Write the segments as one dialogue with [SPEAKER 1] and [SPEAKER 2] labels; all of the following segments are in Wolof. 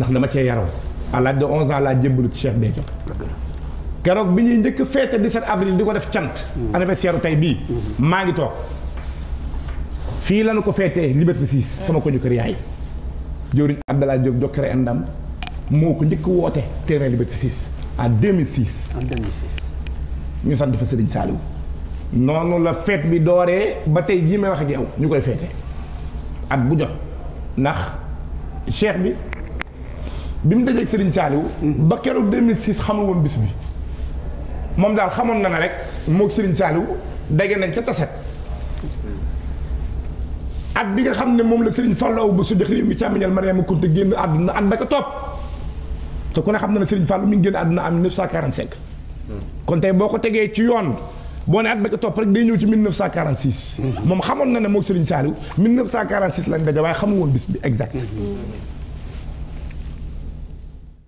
[SPEAKER 1] ndax dama cee yaraw à l'âge de 11 ans laa jébbalu ci Cheikh Béthio keroog bi ñuy njëkk feete 17 avril di ko def cant mm. anniversaire u tey bii mm-hmm. maa ngi toog fii lañu ko feetee Liberté 6 mm. sama ko ñu kër yaay jëwriñ Abdallah Diop Jokalante Ndam moo ko njëkk woote terrain Liberté 6 en 2006. en 2006. ñu sant fa Serigne Saliou. noonu la fête bi dooree ba tey jii may wax ak yow ñu koy feete at bu jot ndax cheikh bi bi mu dajeeg Serigne Saliou. ba keroog 2006 xamul woon bis bi. moom daal xamoon na ne rek moog Serigne Saliou dege nañ ca taset. at bi nga xam ne moom la Serigne Fallou aw ba su jox réew mi càmmiñal Mariama Kunte génn àdduna ànd ak a topp. te ku ne xam na ne Serigne Fallou mi ngi génn àdduna am 1945. kon tey boo ko tegee ci yoon. boo ne at ba ko topp rek day ñëw ci 1946. moom xamoon na ne moog Serigne Saliou 1946 lañ daje waaye xamu woon bis bi exact.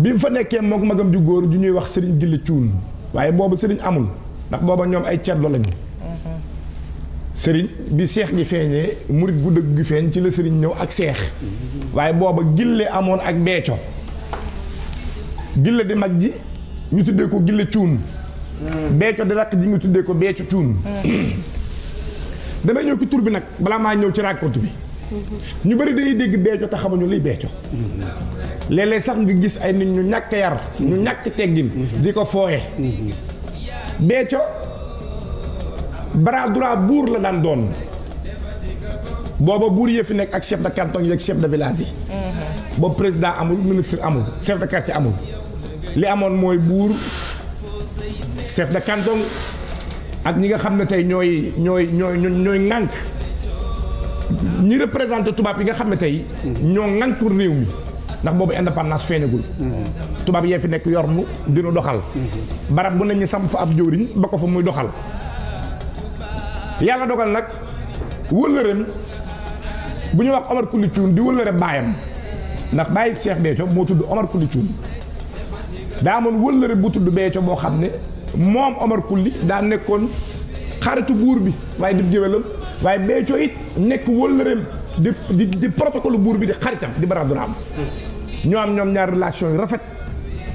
[SPEAKER 1] bi mu fa nekkee mook magam ju góor ju ñuy wax sëriñ Gille Cuun waaye boobu sëriñ amul ndax booba ñoom ay ceddo lañu sëriñ bi seex gi feeñee murit gu dëgg gi feeñ ci la sëriñ ñëw ak seex waaye booba gille amoon ak beeco gille di mag ji ñu tuddee ko gille cuun beeco di rakk ji ñu tuddee ko beeco cuun damay ñëw ci tur bi nag balaa maa ñëw ci ràkkatu bi ñu bëri day dégg beeco te xamuñu liy beeco léeg sax nga gis ay nit ñu ñàkk yar ñu ñàkk teggin di ko fooye beeco bras droit buur la daan doon booba buur yee fi nekk ak chef de canton yi ak chef de village yi boobu président amul ministre amul chef de quartier amul li amoon mooy buur chef de canton ak ñi nga xam ne tey ñooy ñooy ñooy ñooy nànk ñi représenté tubaab yi nga xam ne tey. ñoo ŋànk réew mi. ndax boobu indépendance feeñagul. tubaab yee fi nekk yor mu dinu doxal. barab bu ne ñu sam fa ab jëwriñ ba ko fa muy doxal. yàlla dogal nag wëllëreem bu ñu wax Omar Kuli Cuun di wëllëre baayam ndax bàyyi Seex Béthio moo tudd Omar Kuli Cuun daa amoon wëllëre bu tudd Béthio boo xam ne moom Omar Kuli daa nekkoon xaritu buur bi waaye dib géwélam waaye Béthio it nekk wëllëreem di di di protocole buur bi di xaritam di bara duraam ñoo am ñoom ñaar relation yu rafet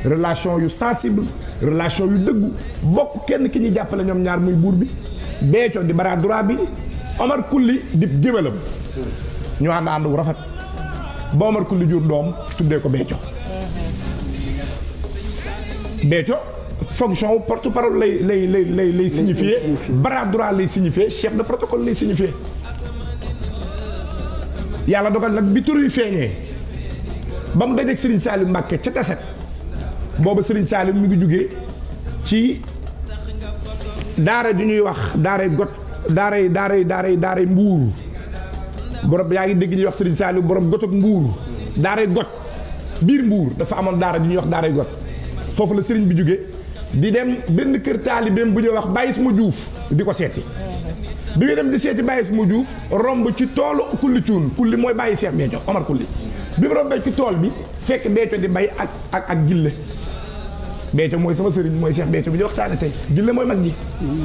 [SPEAKER 1] relation yu sensible relation yu dëggu bokk kenn ki ñu jàppale ñoom ñaar muy buur bi Béthio di bara dura bi Omar Kulli di géwélam ñoo ànd ànd wu rafet ba Omar Kulli jur doom tuddee ko Béthio Béthio fonction porte-parole les, les lay les, lay signifié bras droit les signifié chef de protocole lay signifié yàlla dogal nag bi tur yi feeñee ba mu dajeeg Serigne Salim Mbacke ca taset boobu Serigne Salim mi ngi jugee ci daara ju ñuy wax daaray got daaray daaray daaray daaray mbour. borom yaa ngi dégg ñuy wax Serigne Salim borom got ak mbuur daaray got biir mbuur dafa amoon daara ju ñuy wax daaray got foofu la Serigne bi jugee. di dem benn kër taalibeem bu ñuy wax Bayis mu Juuf di ko seeti bi muy dem di seeti Bayis mu Juuf romb ci toolu kulli cuun kulli mooy bàyyi Seex Béthio Omar kulli bi mu rombee ci tool bi fekk Béthio di bay ak ak ak gille Béthio mooy sama sëriñ mooy Seex Béthio bi ñu waxtaane tey gille mooy mag ñi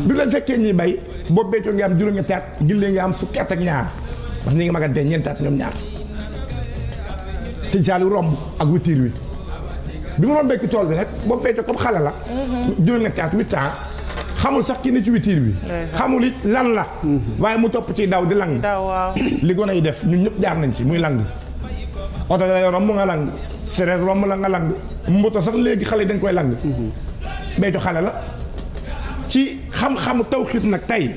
[SPEAKER 1] bi leen fekkee ñuy bay boobu Béthio nga am juróom-ñetti at gille nga am fukki at ak ñaar wax ñi ngi magante ñeenti at ñoom ñaar sëñ Saliou romb ak wutiir wi bi mu rombee ci tool bi nag boobu béykat comme xale la.
[SPEAKER 2] Mm-hmm.
[SPEAKER 1] juróom ñetti at xamul sax ki ne ci witiir bi. xamul it lan la. Mm-hmm. waaye mu topp ci daw di lang. li gone yi def ñun ñëpp jaar nañ ci muy lang. oto da lay romb nga lang. sereer romb la nga lang. mboto sax léegi xale yi dañ koy lang. Mm-hmm. béykat xale la. ci xam-xamu tawxiit nag tey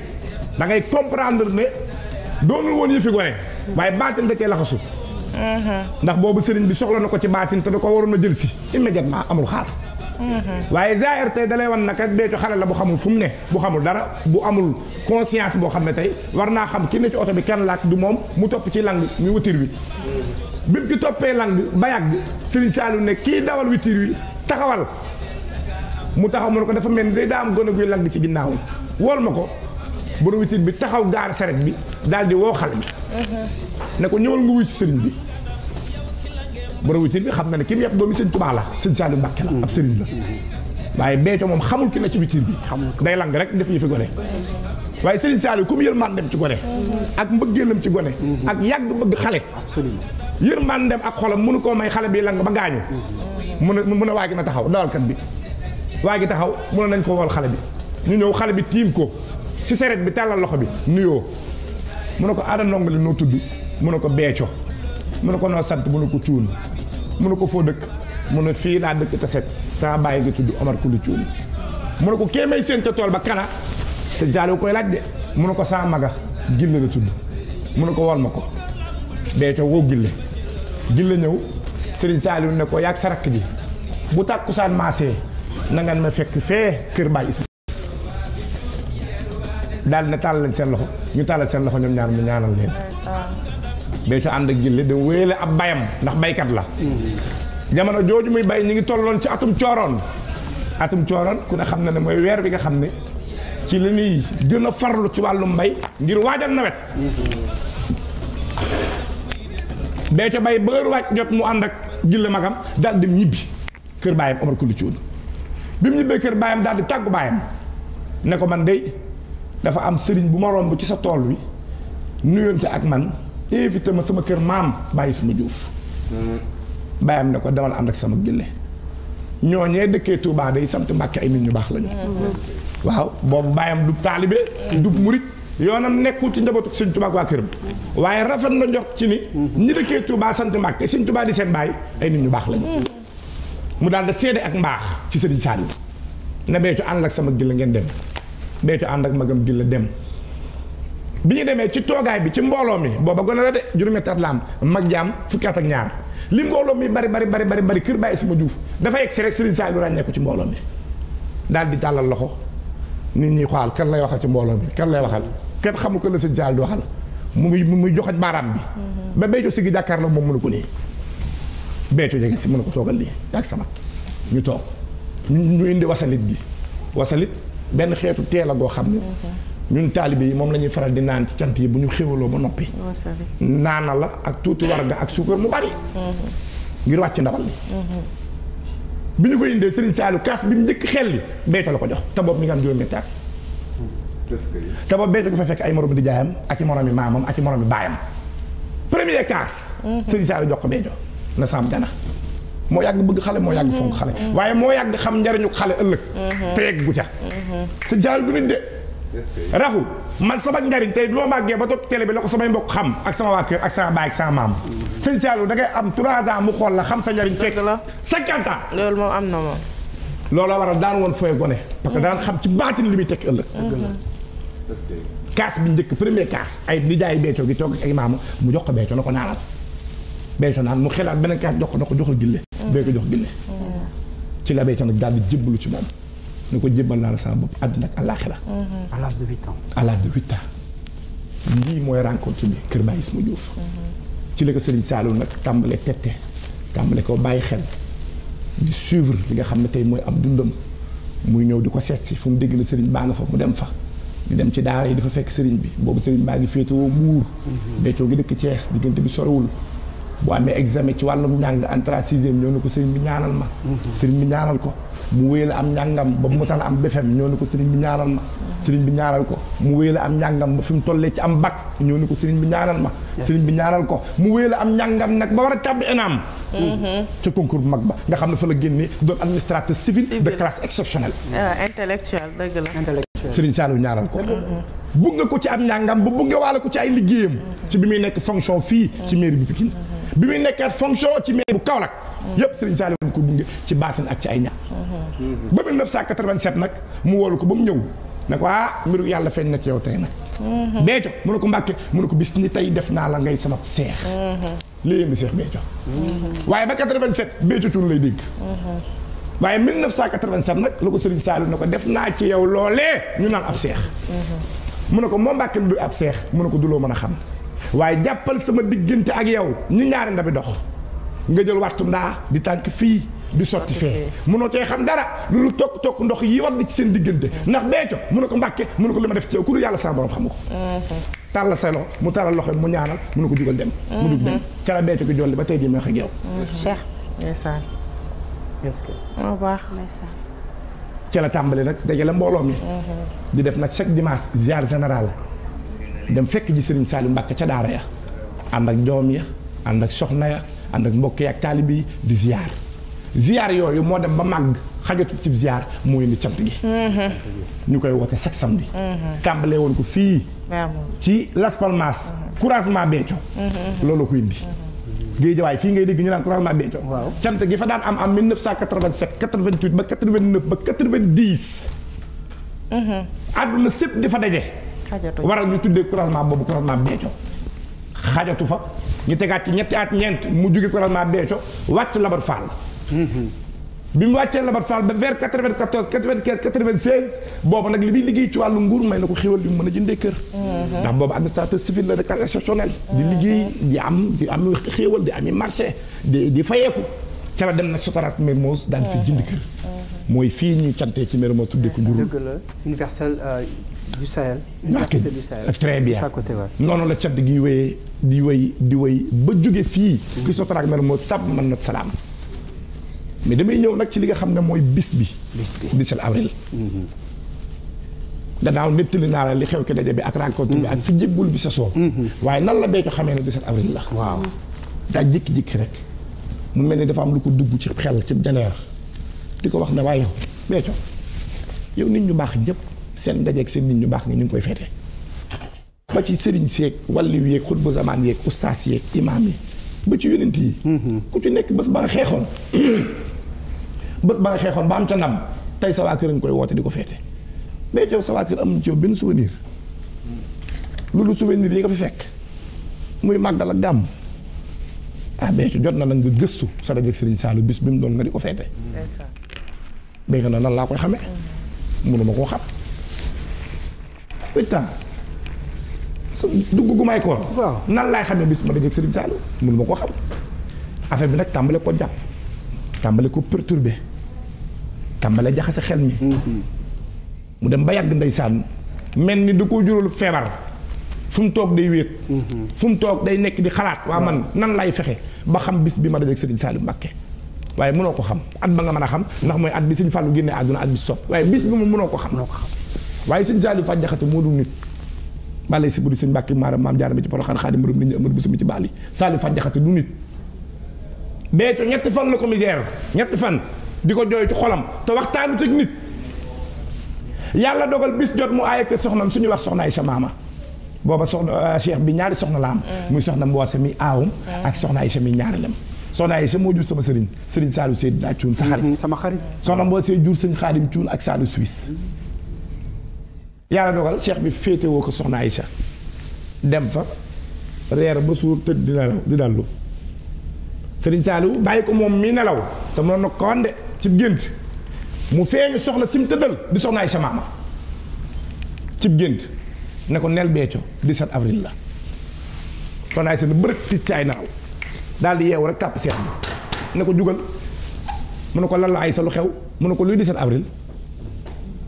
[SPEAKER 1] da ngay comprendre ne doonul woon yëfi gone. waaye baatin da cee laxasu ndax boobu sëriñ bi soxla na ko ci baatin te da ko waroon a jël si immédiatement amul xaar waaye zaahir tey dalay wan naka deeco xale la bu xamul fu mu ne bu xamul dara bu amul conscience boo xam ne tey war naa xam ki ne ci oto bi kenn laaj du moom mu topp ci lang ñu wutir wi bi mu toppee lang ba yàgg sëriñ Saliou ne kii dawal wutir wi taxawal mu taxaw mu ne ko dafa mel ni day daa am gone guy lang ci ginnaawam wool ma ko borom itin bi taxaw gaar saret bi daal woo xale bi ne ko ñëwal nga wuy sëriñ bi borom itin bi xam na ne ki mu yàpp doomi sëñ Tuubaa la sëñ Saliou Mbàkke la ab sëriñ la waaye beeco moom xamul ki ne ci witir bi day lang rek def yi fi gone waaye Serigne Saliou comme dem ci gone ak mbëggeelam ci gone ak yàgg bëgg xale dem ak xolam mënu koo may xale bii lang ba gaañu mun a mun a waa na taxaw dawalkat bi waa gi taxaw mun a nañ ko wol xale bi ñu ñëw xale bi tiim ko ci seret bi tàllal loxo bi nuyoo mu ne ko monoko ndongali noo tudd mu ne ko beeco mu ne ko noo sant mu ko cuun mu ko foo dëkk mu ne fii laa dëkk set sama bàyyi nga tudd Omar kulli cuun mu ne ko kee may seen ca ba kana te jaaliwu koy laaj de mu ne ko sama maga gille la tudd mu ko wal ma ko beeco woo gille gille ñëw Serigne Saliou ne ko yaag sa rakk ji bu tàkkusaan maasee na ngeen ma fekk fee kër Baye dal na tàllal sen loxo ñu tàllal sen loxo ñom ñaar mu ñaanal leen béytu and ak jëlle de wéle ab bayam ndax baykat la jamono joju muy bay ñi ngi tollon ci atum cioron atum cioron ku ne xam na ne bi nga xam ne ci li ni gëna farlu ci walum bay ngir waajal nawet bee bay beur waaj jot mu and ak magam dal dem ñibi kër bayam Omar Kulu bi mu kër bayam dal di tagu bayam ne ko man dafa am sëriñ bu ma romb ci sa tool wi nuyonte ak man invité ma sama kër maam bàyyi sama juuf mm-hmm. bàyyam ne ko demal ànd ak sama ñoo ñooñee dëkkee Touba day sant Mbàkke ay nit ñu baax lañu mm-hmm. waaw boobu bàyyam dub taalibe dub murit yoonam nekkul ci njabootu sëñ Touba ak waa këram waaye rafet na njort ci ni mm-hmm. ñi dëkkee Touba sant Mbàkke sëñ tubaa di seen baay ay nit ñu baax lañu mu daal di seede ak mbaax ci sëriñ Saliou na beecu ànd ak sama gille ngeen daytu ànd ak magam la dem bi ñu demee ci toogaay bi ci mbooloo mi booba gone la de juróomi at la am mag jaam fukki at ak ñaar li mbooloo mi bari bari bari bari bari kër bàyyi sama juuf dafa egg si rek Serigne Saliou ci mbooloo mi daal di tàllal loxo nit ñi xool kan lay waxal ci mbooloo mi kenn lay waxal kenn xamul ko la Serigne Saliou di waxal mu ngi mu ngi joxoñ baaraam bi.
[SPEAKER 2] Mhm. ba
[SPEAKER 1] Béthio si gi jàkkaarloo moom mënu ko nii. Béthio jege si mënu ko toogal lii ak sama ñu toog ñu indi wasalit bi wasalit. benn xeetu teel goo xam ne ñun taalibe yi moom la ñuy faral di naan ci cant yi bu ñu xéwaloo ba noppi oh, naana la ak tuuti warga ak suukar mu bari mhm. ngir wàcc ndawal li mhm. bi ñu ko indee Serigne Saliou kaas bi mu njëkk xel li béyta la ko jox te boobu mi nga am juróom ñetti ko fa fekk ay moromi di jaayam ak i moromi maamam ak i moromi baayam premier kaas mhm. Serigne Saliou jox ko bee jox na saam dana moo yàgg bëgg xale moo yàgg fonk xale waaye moo yàgg xam njariñu xale ëllëg te sa jaal bu nit de. raxu man sama njariñ tey bi ma màggee ba topp télé bi la ko samay mbokk xam ak sama waa ak sama baay ak sama maam. sëñ Saalum da am 3 ans mu xool la xam sa njariñ fekk. la 50 ans. loolu moom am na moom. looloo waral daan woon fooy gone. parce que li muy tekki ëllëg. kaas bi njëkk premier kaas ay nijaay beeco gi toog ak maam mu jox ko beeco na ko naanal. beeco naan mu xelaat beneen kaas jox ko na ko joxal gille. Mm. bee jox gille. Mm. ci la beeco nag daal di jébbalu ci moom. ne ko jébbal naa la sama bopp àddina ak àllaaxira
[SPEAKER 3] mm-hmm. à l'âge de huit ans.
[SPEAKER 1] à de huit ans. lii mooy rencontre bi Kër Baye Isma
[SPEAKER 2] Diouf. Mm-hmm.
[SPEAKER 1] ci la ko Serigne Saliou nag tàmbalee tette tàmbale ko bàyyi xel di suivre li nga xam ne tey mooy ab dundam muy ñëw di ko seet si fu mu dégg la Serigne baa nga fa mu dem fa. di dem ci daara yi dafa fekk Serigne bi boobu Serigne baa ngi féetewoo Mbuur. Béthio mm-hmm. gi dëkk Thiès diggante bi sorewul. boo amee examen ci wàllum njàng entrée sixième ñëw na mu wéy la am njàngam ba mu sax am BFEM ñoo ni ko sëriñ bi ñaanal ma sëriñ bi ñaanal ko mu wéy la am njàngam ba fi mu tollee ci am bag ñoo ni ko sëriñ bi ñaanal ma sëriñ bi ñaanal ko mu wéy la am njàngam nag ba war a tàbbi ENAM ca concours bu mag ba nga xam ne fa la génnee doon administrateur civil de classe exceptionnelle
[SPEAKER 4] ah, intellectuel dëgg la sëriñ
[SPEAKER 1] ñaanal ko bugg nga ko ci am njàngam ba bugg nga waale ko ci ay liggéeyam ci bi muy nekk fonction fii ci mairie bi Pikine bi muy nekkaat fonction ci mairie bu Kaolack. yëpp Serigne Saliou ko gunge ci baatin ak ci ay ñaar. ba 1987 nag mu woolu ko ba mu ñëw ne ko ah mbiru yàlla feeñ na ci yow tey nag. Béthio mu ne ko Mbàkke mu ne ko bis ni tey def naa la sama seex. lii yëngu seex waaye ba 87 Béthio Thioune lay dégg. waaye 1987 nag la ko Serigne Saliou ne ko def naa ci yow loolee ñu naan ab seex. mu ne ko moo Mbàkke du ab seex mu ne ko du loo mën a xam. waaye jàppal sama diggante ak yow ñu ñaari ndabi dox nga jël wattu ndaa di tànk fii di sotti fee munoo cee xam dara lu tokk tokk ndox yi war di ci seen diggante mm-hmm. ndax beeco mu ne ko mbàkke mu ne ko li ma def ci yàlla sama borom xam ko mm-hmm. tàllal say mu tàllal loxo mu ñaanal mu ne ko jugal dem dem mm-hmm. ca la beeco gi jolli ba tey jii ma wax ak yow oh, ca la tàmbali nag dajale mbooloo mi di def nag chaque dimanche ziar général dem fekk ji Serigne Saliou mbakk ca daara ya ànd ak doom ya ànd ak soxna ya ànd ak mbokk ya ak taalibe yi di ziar ziar yooyu moo dem ba màgg xajatu cib ziar moo indi cant gi. Mm-hmm. ñu koy woote chaque bi mm-hmm. tàmbalee woon ko fii. ci Las Palmas. Mm-hmm. couragement Béthio. loolu ko indi. géejawaay fii ngay dégg ñu naan couragement Béthio. cant gi fa daan am am 1987 88 ba 89 ba 90. àdduna sépp di fa daje. waral ñu tuddee croisement boobu croisement Béthio xajatu fa ñu tegaat ci ñetti at ñeent mu jóge croisement Béthio wàcc Labat Fall mm-hmm. bi mu wàccee Labat Fall ba vers 94 95 96 boobu nag li muy liggéey ci wàllu nguur may na ko xéwal li mu mën a jëndee kër.
[SPEAKER 2] Mm-hmm. ndax
[SPEAKER 1] boobu administrateur civil la de cas di mm-hmm. liggéey di am di am xéwal di ami marché di di fayeeku ca la dem nag Sotarat Mermoz daan fi jënd kër. mooy fii ñuy cantee ci Mermoz tuddee
[SPEAKER 3] du Sahel. du Sahel très bien
[SPEAKER 1] noonu la Tchad gi wéyee di wéy di wéy ba jóge fii. ki mhm. sotarak mer moo tab man na salaam. mais damay ñëw nag ci li nga xam ne mooy bis bi. bis bi la avril. Mhm. danaaw nettali naa la li xew ki daje bi ak rencontre bi mhm. ak fi jébbul bi sa soow waaye nan la béykat xamee na ne 17 avril la. waaw daa jékki rek. mu mel ni dafa am lu ko dugg ci xel ci deneer di ko wax na waaye yow béykat yow nit ñu baax ñëpp. seen dajeek seen nit ñu baax nga ñu ngi koy feete ba ci sëriñ seeg wàllu yeeg xutbu zamaan yeeg ustaas yeeg imaam yi ba ci yonent yi mm-hmm. ku ci nekk bés ba nga xeexoon bés ba nga xeexoon ba am ca ndam tey sa ak kër nga koy woote di ko feete mais yow sa waa kër am ci yow benn souvenir fekk muy màggal ak gàmm ah béykat jot na la nga gëstu sa dajeeg Serigne bis bi mu doon nga di ko feete. nan laa koy xamee.
[SPEAKER 2] Mm-hmm.
[SPEAKER 1] mënuma koo xam. huit ans dugg gu may koon. nan laay xamee bis ma dajeeg Serigne Saliou mënu ma ko xam affaire bi nag tàmbale ko jàpp tàmbale ko perturbé tàmbale men xel mi. Mm-hmm. mu dem ba yàgg ndeysaan mel du ko day wéet. Mm-hmm. day di xalaat. waa man nan laay fexe ba xam bis bi ma dajeeg Serigne Saliou Mbacké waaye mënoo ko xam at ba nga mën a xam ndax mooy at bi Serigne Fallou génnee àdduna at bi bis bi moom mënoo xam. xam. waaye sëñ Saliou Faat Jaxate moo dul nit balay si budi sëñ Mbàkke maaram maam jaarama ci poroxaan xaadim borom nit ñi amar bisumi ci baal yi Saliou Faat du ñetti fan la ko ñetti fan di ko jooy ci xolam te waxtaanu dogal bis jot mu aaye ko suñu wax soxna ay samaama booba soxna euh, cheikh bi ñaari soxna la am mm. muy soxna mboose mi aawum mm. ak soxna ay sami ñaari lam soxna ay sa sama sëriñ sëriñ Saliou Seydina Thioune sa xarit mm-hmm, sama xarit soxna mboose jur sëñ xaadim Thioune ak Saliou Suisse yàlla dogal cheikh bi féetewoo ko soxna Aïcha dem fa reer ba suur tëdd di nelaw di dallu sëriñ Saliou bàyyi ko moom mi nelaw te noonu na ko wande ci gént mu feeñu soxna sim tëddal di soxna Aïcha maama ci gént ne ko nel beeco 17 avril la soxna Aïcha ne bërëg tic ci ay naaw daal di yeewu rek kàpp seex bi ne ko jugal mu ne ko lal la Aïcha lu xew mu ne ko luy 17 avril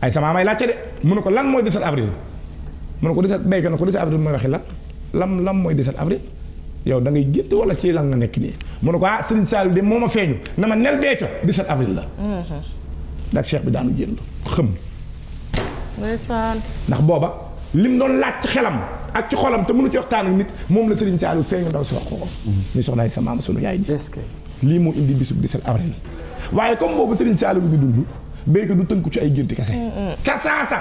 [SPEAKER 1] ay sama may laajte de mun ne ko lan mooy 17 avril mu ne ko na ko 17 avril mooy waxi lan lam lam mooy 17 avril yow da ngay gént wala ci lan nga nekk nii mu ne ko ah Serigne Saliou de moo ma feeñu na ma nel beeco 17 avril la. ndax mhm. cheikh bi daanu jënd xëm. ndax booba lim doon laaj ci xelam ak ci xolam te mënu ci waxtaan ak nit moom la Serigne Saliou feeñu ndaw si wax ko ñu mhm. soxnaay sa maam sunu yaay lii moo indi bisub 17 avril. waaye comme boobu Serigne Saliou di dund. béykat du tënku ci ay gént kese. Mm, mm. ca saasa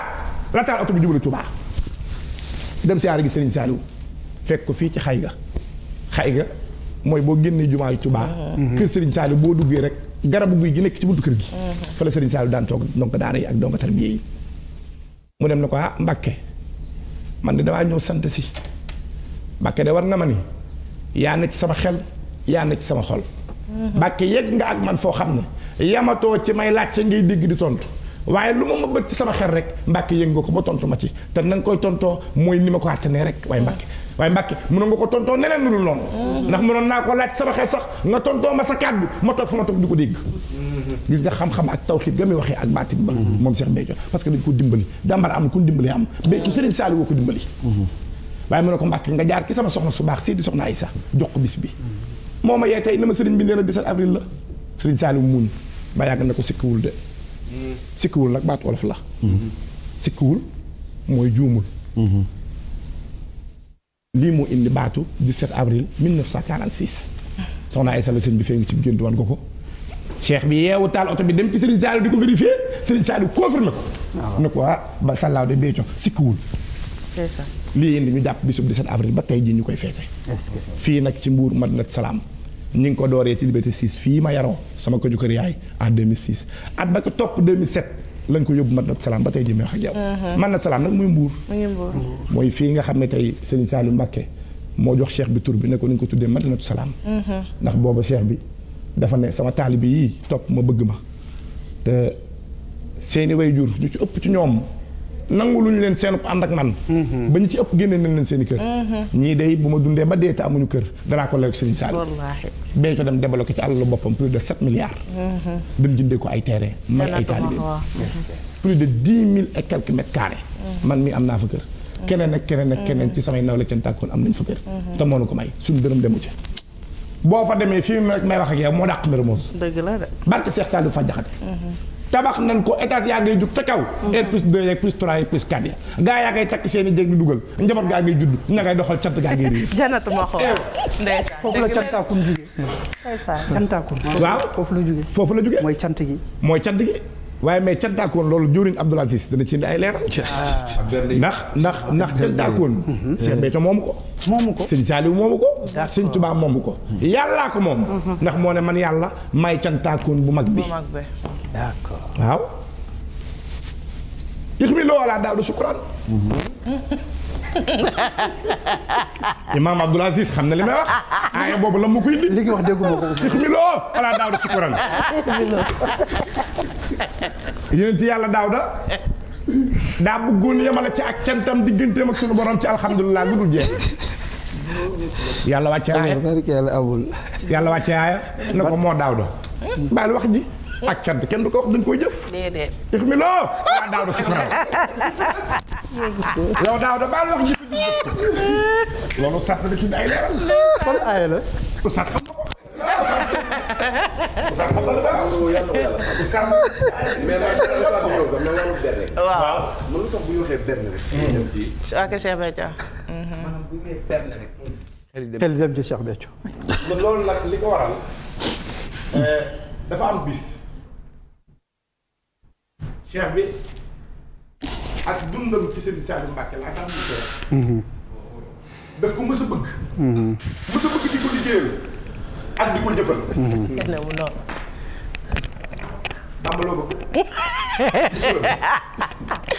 [SPEAKER 1] la taal oto bi jubali Touba dem siyaare gi Serigne Saliou fekk ko fii ci xayga xayga mooy boo génnee jumaa yu Touba. Mm-hmm. kër Serigne Saliou boo duggee rek garabu guy gi nekk ci buntu kër gi. Mm-hmm. fa la Serigne Saliou daan toog ndongo daara yi ak ndongo tarbiya yi mu dem na ko ah Mbacke man de damaa ñëw sant si Mbacke de war na ma ni yaa ne ci sama xel yaa ne ci sama xol.
[SPEAKER 2] Mm-hmm. Mbacke
[SPEAKER 1] yegg nga ak man foo xam ne. yamatoo ci may laajte ngay dégg di tontu waaye lu ma ma bëgg ci sama xel rek mbàkk yëngu nga ko ba tontu ma ci te na nga koy tontoo mooy ni ma ko àttanee rek waaye mbàkk waaye mbàkk mënoon nga ko tontoo neneen lu dul noonu. Mm-hmm. ndax mënoon naa ko laaj sama xel sax nga tontoo ma sa kàddu ma toog fa ma toog di ko dégg.
[SPEAKER 2] Mm-hmm.
[SPEAKER 1] gis nga xam-xam ak tawxiid ga muy waxee ak baatin ba moom Cheikh Béthio parce que dañ ko dimbali jàmbar am ku dimbali am mm-hmm. Béthio Serigne Saliou woo ko dimbali waaye mu ne ko mbàkk nga jaar ki sama soxna su baax Seydi soxna Aïssa jox ko bis bi moo ma tey na ma Serigne bi nee na 17 avril la Serigne Saliou muñ ba yàgg na ko sikkiwul de sikkiwul nag baat olof la sikkiwul mooy juumul lii moo indi baatu 17 avril 1946 soxna Aysa la sëñ bi fee ngi ci gént wan ko ko cheikh bi yeewu taal oto bi dem ci Serigne Saliou di ko vérifié Serigne Saliou confirmé ko ah. ne ko ah ba sàllaaw de beeco sikkiwul lii indi ñu jàpp bisub 17 avril ba tey jii ñu koy feete fii nag ci Mbuur Madinat Salaam ñu ngi ko dooree ci Liberté 6 fii ma yaroo sama ko ju kër yaay en 2006 at ba ko topp 2007. lañ ko yóbbu Madinatu Salaam ba tey jii may wax ak yow. Mhm. Madinatu Salaam nag
[SPEAKER 4] muy
[SPEAKER 1] nga xam ne tey Serigne Saliou Mbacké moo jox cheikh bi tur bi ne ko ko tuddee Madinatu Salaam. Mhm. ndax booba seex bi dafa ne sama taalibe yii topp ma bëgg ma. te seeni way jur ñu ci ëpp ci ñoom nangu luñu leen seen ànd ak man mhm. ba ñu leen seen mhm. dee te amuñu kër danaa ko layoog Serigne Sall bay ko dem débloqué ci de sept milliards mhm. dem jëndee ko ay terrain may ay taalibe plus de mi am naa fa kër
[SPEAKER 2] keneen ak keneen ak ci samay
[SPEAKER 1] nawle ceen tàkkoon am nañ fa kër te moo nu ko may suñu dërëm demu ci boo fa demee fii rek may wax ak yow moo dàq Mermoz dëgg la de barke Cheikh Saliou fa jaxate tabax nañ ko étage yaa ngay jug ca kaw. R mm-hmm. plus 2 yeeg plus 3 yeeg plus 4 yeeg. gaa yaa ngay takk seen i dugal njaboot gaa ngay judd na ngay doxal cant gaa ngay réer.
[SPEAKER 4] janatu ma xool ndeysaan foofu la cantaakum
[SPEAKER 1] foofu la jugee. foofu la mooy cant gi. mooy cant gi. waaye mais ca dàkkoon loolu jëwriñ Abdoul Aziz dana ci indi ay leeral. ndax ndax ndax ca dàkkoon. Cheikh Béthio moomu ko. moomu ko sëñ Saliou moomu ko. sëñ Touba moomu ko. yàlla ko moom. ndax moo ne man yàlla may ca dàkkoon bu mag bi. d'accord waaw. yëg mi loola daal du Imam Abdoul Aziz xam na li may wax. aaya boobu la mu koy li nga wax déggu ma da ixmiloo ala daawda sukkuran. yéen ci yàlla daawda. daa bëggoon yemale ci ak cantam digganteem ak sunu borom ci alhamdulilah lu dul jeex. yàlla wàcce aaya yàlla wàcce aaya na ko moo daawda. Hmm. bàyyi wax ji. ak cant kenn du ko wax dañ koy jëf. déedéet. ix mi loo. waaw
[SPEAKER 4] daaw da sukkandiku. yow daaw da
[SPEAKER 1] baal wax ji. loolu sas dana ci ay leeral. kon aaya la. sas xam nga ko.
[SPEAKER 2] sas xam nga la baax.
[SPEAKER 4] waaw. mën na tax bu ñu waxee benn rek. Hmm. dem ci. ak Cheikh Béthio. Hmm. maanaam bu ñu
[SPEAKER 1] waxee
[SPEAKER 5] benn
[SPEAKER 4] rek.
[SPEAKER 3] xel dem ci Cheikh Béthio.
[SPEAKER 1] loolu nag li ko waral. Euh, dafa am bis. cheikh bi ak dundam ci sëriñ Saliou Mbacke la ak am
[SPEAKER 2] mhm. lu
[SPEAKER 1] daf ko mës bëgg.
[SPEAKER 2] Mhm. mës a
[SPEAKER 1] bëgg di ko liggéeyal
[SPEAKER 4] ak di ko jëfal. tàmbaloo mhm. ko. gis nga.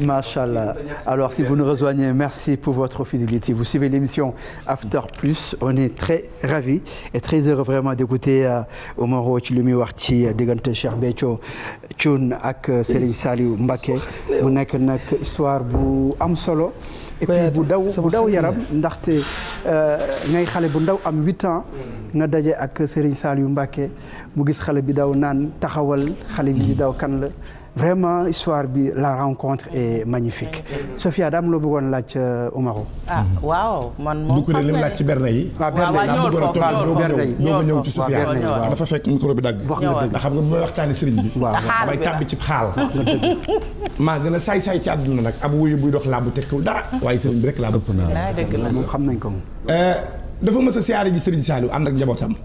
[SPEAKER 3] Machallah. Alors, si vous nous rejoignez, merci pour votre fidélité. Vous suivez l'émission After Plus. On est très ravis et très heureux vraiment d'écouter euh, Omar Chilumi Warti, euh, Degante Sherbecho, Tchun, euh, ak Serigne Saliou Mbake histoire solo. et puis vous yaram ndaxte ngay ans ak Serigne Saliou vraiment histoire bi la rencontre est magnifique. sofia daam loo bëggoon laaj euh, Umaru.
[SPEAKER 4] ah waaw man moom xam nga laaj ci berne yi. waaw ñëwul foofu ñëwul ñëw ñëw ci Sophia.
[SPEAKER 1] dafa fekk micro bi dagg. wax nga xam nga bu may waxtaanee sëriñ bi. waaw damay tàbbi ci xaal. maa gën a saay saay ci àdduna nag ab wuyu buy dox laabu bu tekkiwul dara. waaye sëriñ bi rek laa bëgg. Ah, dëgg xam nañ ko moom. Euh, dafa mës a siyaare ji sëriñ Saliou ànd ak njabootam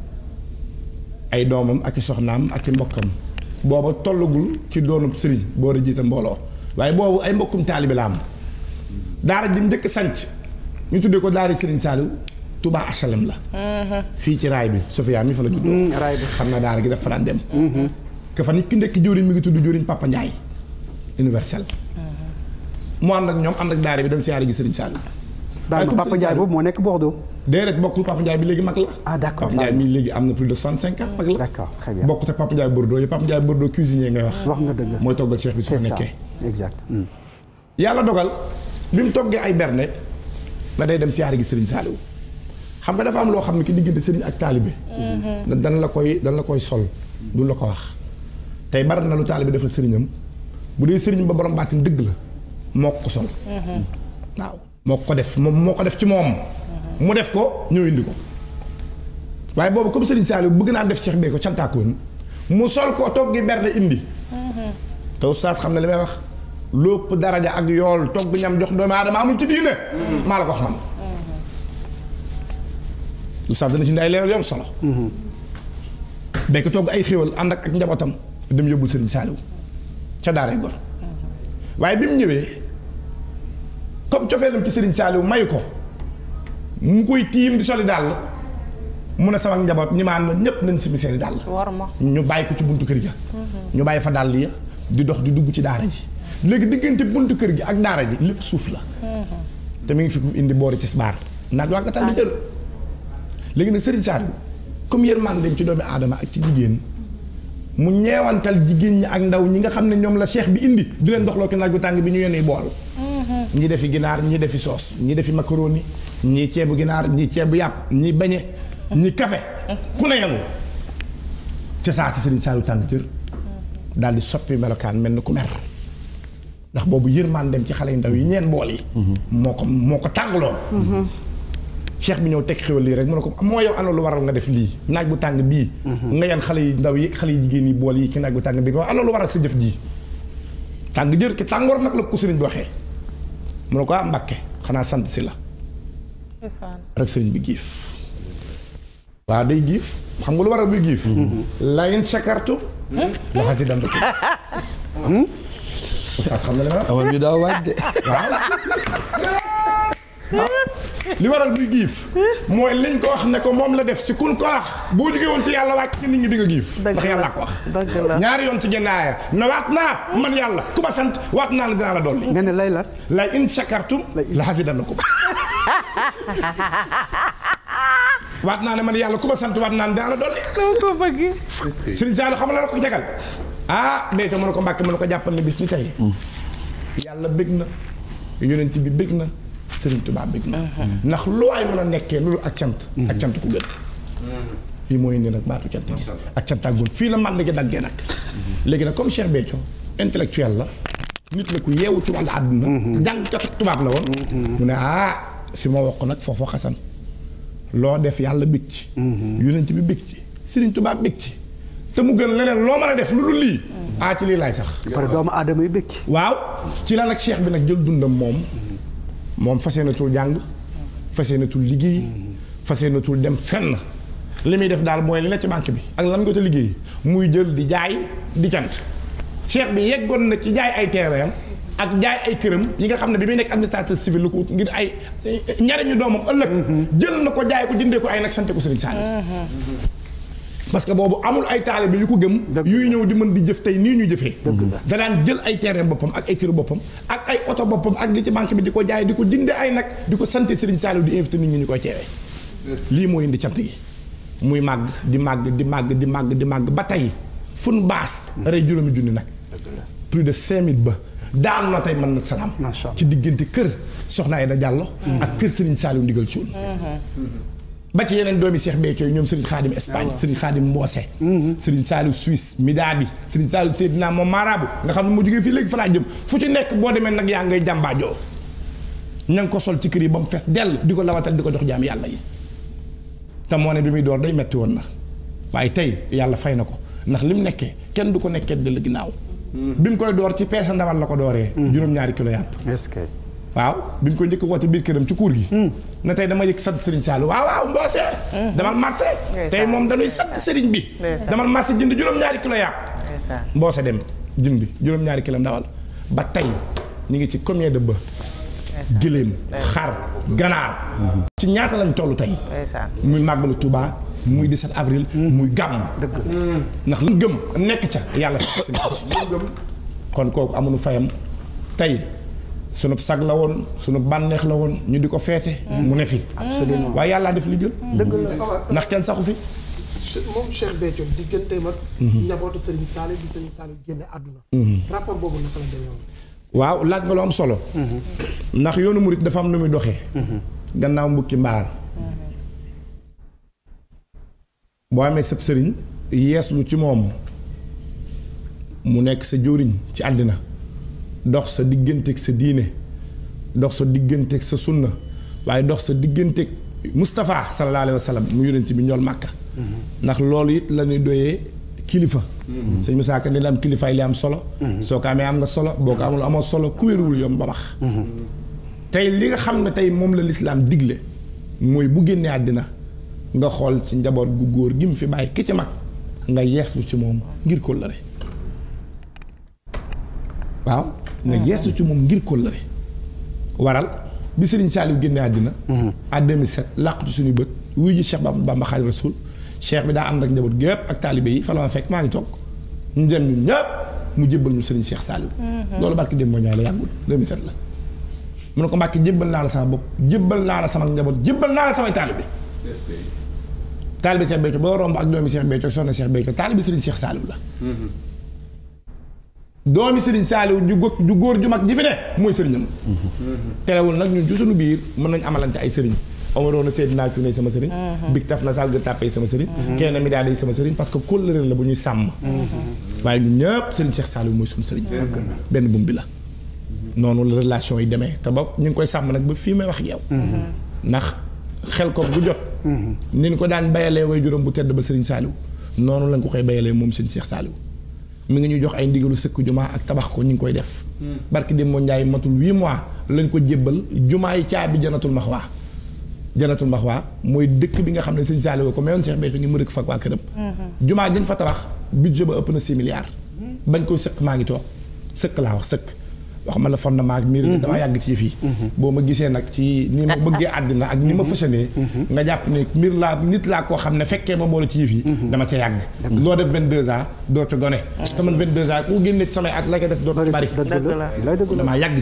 [SPEAKER 1] ay doomam ak i soxnaam ak i mbokkam booba tollagul ci doonub sëriñ boo a jiite mbooloo waaye boobu ay mbokkum taalibe la am daara ji njëkk sanc ñu tuddee ko daara sëriñ Saliou Touba HLM la mhm. fii ci raay bi Sofia mi fa la juddoo mhm, raay bi xam na daara gi dafa daan dem mhm. ka fa nit ki nekk jëwriñ mi ngi tudd jëwriñ Papa Ndiaye universel mu ànd ak ñoom ànd ak daara bi dem siyaare gi sëriñ Saliou baal ma Papa Ndiaye boobu moo nekk Bordeaux. déedéet bokkul Papa Ndiaye bi léegi mag la. ah d' accord Papa léegi am na plus de soixante cinq ans mag la. d' accord très bien bokkut ak Papa ngay wax. mooy toggal cheikh bi su nekkee. Hmm. yàlla dogal bi mu toggee ay berne la day dem siyaare gi Serigne Saliou xam nga dafa am loo xam ne ki diggante Serigne ak taalibe.
[SPEAKER 2] Mm-hmm.
[SPEAKER 1] dana la koy dana la koy sol du la ko wax tey bari na lu taalibe defal sëriñam bu dee sëriñ ba borom baatin dëgg la moo ko sol
[SPEAKER 2] mm-hmm.
[SPEAKER 1] moo ko def moom moo ko def ci moom. mu def ko ñëw indi ko. waaye boobu comme Serigne Saliou bëgg naa def Cheikh ko cantaakoon mu sol ko toog gi berde indi. te oustaz xam ne li may wax. lépp daraja ak yool togg ñam jox doomu aadama amuñ ci diine. maa la ko wax lu oustaz dana ci indi ay leeral yoom solo. Béthio togg ay xéwal ànd ak njabootam dem yóbbul Serigne Saliou ca daaray gor waaye bi mu ñëwee. comme cofeelam ci Serigne Saliou may ko mu koy tiim di soli dàll mu a sama njaboot ñi ma ànd ñëpp nañ simi seeni dàll ñu bàyyi ko ci buntu kër ga ñu bàyyi fa dàll ya di dox di dugg ci daara ji léegi diggante buntu kër gi ak daara ji lépp suuf la te mi ngi fi ko indi boori tisbaar naaj waa nga tànn jër léegi nag Serigne Saliou comme yërmandeem ci doomi aadama ak ci jigéen mu ñeewantal jigéen ñi ak ndaw ñi nga xam ne ñoom la cheikh bi indi di leen doxloo ki bu tàng bi ñu yónnee bool ñi defi ginar ñi defi soos ñi defi macaroni ñi ciébu ginar ñi ciébu yap ñi bañé ñi café ku ne yamu ci sa ci serigne saalu tang jër dal di soppi melokan melni ku mer ndax bobu yermane dem ci xalé ndaw yi ñen bol yi moko moko tanglo cheikh bi ñëw tek xewal li rek mu ne ko moo yow anu lu waral nga def li naaj bu tang bi nga yan xalé yi ndaw yi xalé yi jigeen yi bol yi ki naaj bu tang bi nga lu waral sa jëf ji tang jeur ki tangor nak la ko serigne bi waxe moo ne ko ah Mbàkke xanaa sant si la. rek sëriñ giif waa day giif xam nga lu war a buy giif. layin sakartu. Hmm? la xas itam dëkk. Hmm? oustaz xam nga li ma la. awoor bi daa waaj waaw. Hmm? li waral muy giif mooy liñ ko wax ne ko moom la def si kun ko wax boo jógee woon ci yàlla wàcc ci nit ñi di nga giif ndax yàlla ko wax ñaari yoon ci gennaaya na waat naa man yàlla ku ma sant waat naa la dinaa la dolli nga ne lay la lay in shakartum la xasidanakum waat naa ne man yàlla ku sant waat naa ne dinaa la dolli xam la la ko jagal ah béykat mu ne ko mbàkke mu a ko jàppal ne bis ni tey mm. yàlla bëgg na yonent bi bëgg na Serigne Touba bëgg uh-huh. ndax loo ay mën a nekkee loolu ak cant. ak uh-huh. cant ku gën.
[SPEAKER 2] lii
[SPEAKER 1] uh-huh. mooy indi nag baatu cant ak cant ak fii la man léegi daggee nag. léegi nag comme Cheikh Béthio intellectuel la. nit la ku yeewu ci wàllu àdduna. jàngkatu tubaab la woon. mu ne ah fi ma wax nag foofu xasan. loo def yàlla bég ci. yonent bi bég ci Serigne tubaab bég ci. te mu gën leneen loo mën a def lu dul lii. ah ci lii laay sax. par doomu aadama yi bég ci. waaw ci la nag Cheikh bi nag jël dundam moom. moom fas yéenatul jàng fas yéenatul liggéey fas yéenatul dem fenn li muy def daal mooy li la ci banque bi ak lan nga te liggéey muy jël di jaay di cant cheikh bi yeggoon na ci jaay ay terrain ak jaay ay këram yi nga xam ne bi muy nekk administrateur civil lu ko ut ngir ay ñariñu doomam ëllëg mm-hmm. jël na ko jaay ko jëndee ko ay nag sante ko Serigne Saliou
[SPEAKER 2] mm-hmm.
[SPEAKER 1] parce que boobu amul ay taalibe yu ko gëm yuy ñëw di mën di jëf tey nii ñu jëfee da daan jël ay terrain boppam ak ay kër boppam ak ay oto boppam ak li ci banque bi di ko jaay di ko dinde ay nag di ko sant Serigne Saliou di invité nit ñi ñu koy teewee lii moo indi cant gi muy màgg di màgg di màgg di màgg di màgg ba tey fun baas rey juróomi junni nag plus de 5000 ba daanu na tey mën na salaam ci diggante kër Soxna da Diallo mm. ak kër Serigne Saliou ndigal cuun ba ci yeneen doomi Cheikh Béthio ñoom Serigne Khadim Espagne ah, Serigne Khadim Mboose mm-hmm. Serigne Saliou Suisse Midadi Serigne Saliou Seydina moom Marabu nga xam ne mu jógee fii léegi fa laa jëm fu ci nekk boo demee nag yaa ngay jàmbaajoo ña ngi ko sol ci kër yi ba mu fees dell di ko lawatal di ko jox jaam yàlla yi te moo ne bi muy door day metti woon na waaye tey yàlla fay na ko ndax li mu nekkee kenn du ko nekkee dell ginnaaw mm-hmm. bi mu koy door ci peese ndawal la ko dooree mm-hmm. juróom-ñaari kilo yàpp waaw bi ñu ko njëkk woote biir këram ci kuur gi hmm. na tey dama yëg sant Serigne Sall waaw waaw mboose
[SPEAKER 2] hmm. damal marché tey
[SPEAKER 1] moom dañuy sant Serigne bi damal marché jënd juróom-ñaari kilo yàpp mboose dem jënd juróom-ñaari kilo ndawal ba tey ñu ngi ci combien de bœuf gëléem xar ganaar ci ñaata lañ toll tey muy màggalu Touba muy 17 avril hmm. muy gàmm ndax lu gëm nekk ca yàlla kon kooku amuñu fayam tey sunu sag la woon sunu bànneex la woon ñu di ko feete mu ne fi absolument waaye yàllaa def li gën ndax kenn saxu fi moom Cheikh
[SPEAKER 5] Béthio digganteem ak mhm.
[SPEAKER 1] waaw laaj nga lu am solo mhm. ndax yoonu murit dafa am nu muy doxee mhm. gannaaw mbukki mbalaan boo amee sëb sëriñ yeeslu ci moom mu nekk sa jóoriñ ci àddina dox sa digganteeg sa diine dox sa digganteeg sa sunna waaye dox sa diggante Moustapha sallallahu alayhi wa sallam mu yonent bi ñool màkka mhm. ndax loolu it lañuy ñuy doyee kilifa mhm. sëñ Moussa Ka dina am kilifaay li am solo mhm. soo ko amee am nga solo boo ko amul amoo solo ku wéruwul yom ba max tey li nga xam ne tey moom la lislaam digle mooy bu génnee àddina nga xool ci njaboot gu góor gi mu fi bàyyi ki ci mag nga yeeslu ci moom ngir kóllëre waaw nga gestu mm-hmm. ci moom ngir kóllëre waral bi Serigne Saliou génne àddina en 2007 làqatu suñu bët wuy ji Cheikh Bamba Xaadimu Rasuul cheikh bi daa ànd ak njaboot gépp ak taalibe yi fa ma fekk maa ngi toog ñu dem ñun ñëpp mu jébbal ñu Serigne Cheikh Saliou
[SPEAKER 2] mm-hmm. loolu barki
[SPEAKER 1] dem moo ñaay la yàggul 2007 la mu ne ko Mbàkke jébbal naa la sama bopp jébbal naa la sama njaboot jébbal naa la samay taalibe taalibe Cheikh Béthio boo romb ak doomi Cheikh Béthio soxna Cheikh Béthio taalibe Serigne la
[SPEAKER 2] mm-hmm.
[SPEAKER 1] doomi Serigne Saliou ju góor ju góor ju mag ji fi ne mooy sëriñam terewul nag ñun ci suñu biir mën nañ amalante ay sëriñ Omaroon a seet naa cuune sama sëriñ big taf na sal ga tàppe sama sëriñ kenn mi daal di sama sëriñ parce que kóllëre la bu ñuy sàmm waaye ñun ñëpp Serigne Cheikh Saliou mooy suñu sëriñ benn bum bi la noonu relation yi demee te ba ñu ngi koy sàmm nag ba fii may wax yow ndax xel ko bu jot ni ko daan bayalee way juróom bu tedd ba Serigne Saliou noonu lañ ko koy bayalee moom Serigne Cheikh Saliou mi ngi ñuy jox ay ndigalu sëkk jumaa ak tabax ko ñu ngi koy def. barki Demba Ndiaye matul huit mois lañ ko jébbal jumaa yi caabi janatul waa janatul waa mooy dëkk bi nga xam ne sëñ Saliou ko mayoon Cheikh Béthio ni mu dëkk fa ak waa këram. jumaa dañ fa tabax budget ba ëpp na six milliards. bañ koy sëkk maa ngi toog sëkk laa wax sëkk. waxuma la fondement ak miir bi mhm. damaa yàgg ci yëf yi mhm. boo ma gisee nag ci ni ma ah, ah. bëggee àddina ak ni ma mhm. fësanee nga jàpp ne miir laa nit laa koo xam ne fekkee ma boole ci yëf yi dama ah. yàgg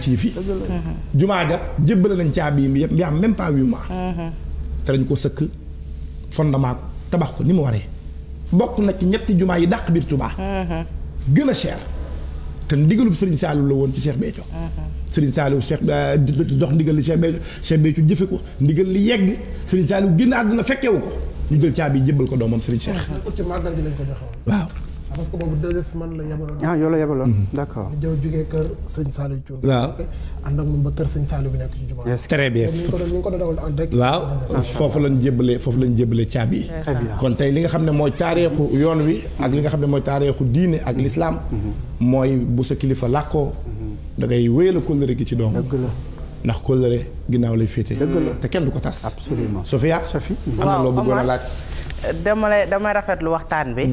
[SPEAKER 1] ci bari yi jumaa ja jébbale nañ caabi yi mi yaa même pas huit te dañ ko sëkk fondement tabax ko ni mu waree bokk na ci ñetti jumaa yi dàq biir Touba gën a cher te ndigalub Serigne Saliou la woon ci Cheikh Béthio Serigne Saliou Cheikh euh, dox ndigal li Cheikh Béthio Cheikh Béthio jëfe ko ndigal li yegg Serigne Saliou génn àdduna fekkewu ko ñu jël caabi jébbal ko doomam Serigne Cheikh. waaw. parce la yabaloon. ah yoo la yabaloon mhm. d' accord. ñu jëw jugee kër sëñ Saliou Thioune. waaw ak moom ba kër sëñ Saliou bi nekk ci jumaa. très bien ñu ngi foofu lañ jébbalee foofu lañ jébbalee caabi yi. kon tey li nga xam ne mooy taarixu yoon wi. ak li nga xam ne mooy taarixu diine ak lislaam mhm. Mhm. mooy bu sa kilifa làkkoo. da ngay wéyal kóllëre gi ci doom. ndax kóllëre ginnaaw lay féete. te kenn du ko tas. absolument Sofia. Sophie am na loo bëggoon a laaj.
[SPEAKER 4] dama lay dama rafetlu waxtaan bi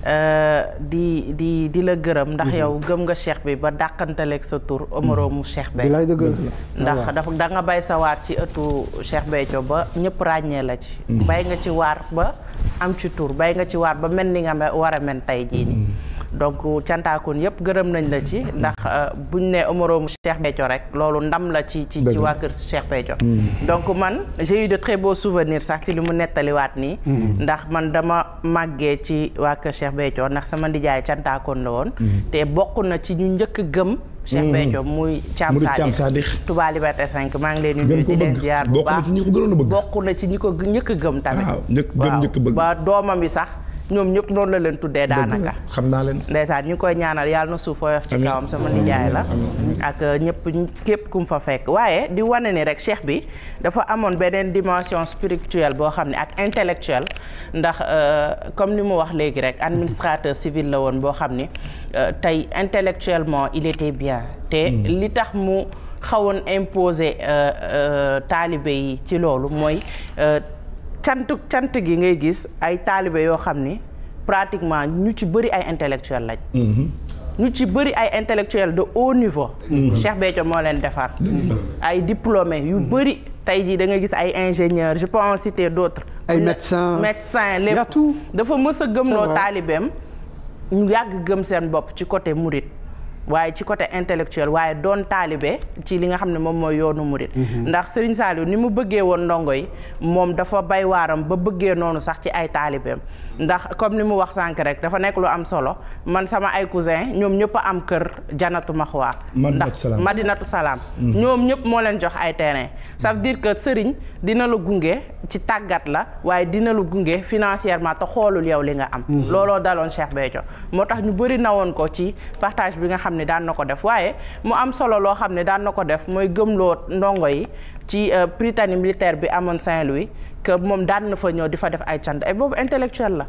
[SPEAKER 4] Eh, di di di la gëreum ndax mhm. yow gëm nga cheikh bi ba ak sa omoro mhm. mu cheikh Bey ndax dafa da nga bay sa waar ci ëttu cheikh Béthio ba ñepp rañé la ci mhm. bay nga ci waar ba am ci tour bay nga ci waar ba melni nga wara mel tey jii nii donc cantaakoon yëpp gërëm nañ la ci ndax euh, buñ ne moroomu Cheikh Béthio rek loolu ndam la ci ci ci waa kër Cheikh mm. donc man j'ai de très beaux souvenirs sax ci li mu nettaliwaat nii mm. ndax man dama màggee ci waa kër Cheikh Béthio ndax sama ndijaay cantaakoon la woon mm. te bokk na ci ñu njëkk gëm Cheikh Béthio muy Thiam Sadikh Touba cinq maa ngi leen di nuyu di leen ziar bu baax ci ñi ko gënoon bëgg bokk ci ñi ko njëkk gëm tamit waaw ba doomam bi sax ñoom ñëpp noonu la leen tuddee daanaka xam naa leen ndeysaan ñu koy ñaanal yàlla na suuf woyof ci kawam sama nijaay la ak euh, ñëpp képp ku mu fa fekk waaye di wane ni rek cheikh bi dafa amoon beneen dimension spirituelle boo xam ne ak intellectuelle ndax euh, comme ni mu wax léegi rek administrateur civil la woon boo xam ni euh, tey intellectuellement il était bien te mm. li tax mu xawoon imposer taalibe yi ci loolu mooy Chantuk, cant gi ngay gis ay talibé yo xam pratiquement ñu ci bëri ay intellectuel lañ. Mhm. ñu ci bëri ay intellectuel de haut niveau. Mhm. Cheikh Béthio mo len defar. ay diplômé yu mhm. bëri. tay ji da nga gis ay ingénieurs je peux en citer d'autres. ay médecins médecins tout dafa mës gëm gëmloo talibem. ñu yag gëm sen bop ci côté Mouride. waaye ci côté intellectuel waaye doon taalibe ci li nga xam ne moom mooy yoonu murit mhm. ndax Serigne Saliou ni mu bëggee woon ndongo yi moom dafa bay waaram ba bëggee noonu sax ci ay taalibeem ndax comme ni mu wax sànk rek dafa nekk lu am solo man sama ay cousin ñoom ñëpp am kër janatu maxwaa ndax madinatu salaam hmm. ñoom ñëpp moo leen jox ay terrain ça veut que sëriñ dina la gunge ci tàggat la waaye dina lu gunge financièrement te xoolul yow li nga am hmm. looloo daloon Cheikh Béthio moo tax ñu bëri nawoon ko ci partage bi nga xam ne daan na ko def waaye mu am solo loo xam ne daan na ko def mooy loo ndongo yi ci euh, prytanée militaire bi amoon Saint-Louis que moom daan na fa ñëw di fa def ay cant ay boobu intellectuel la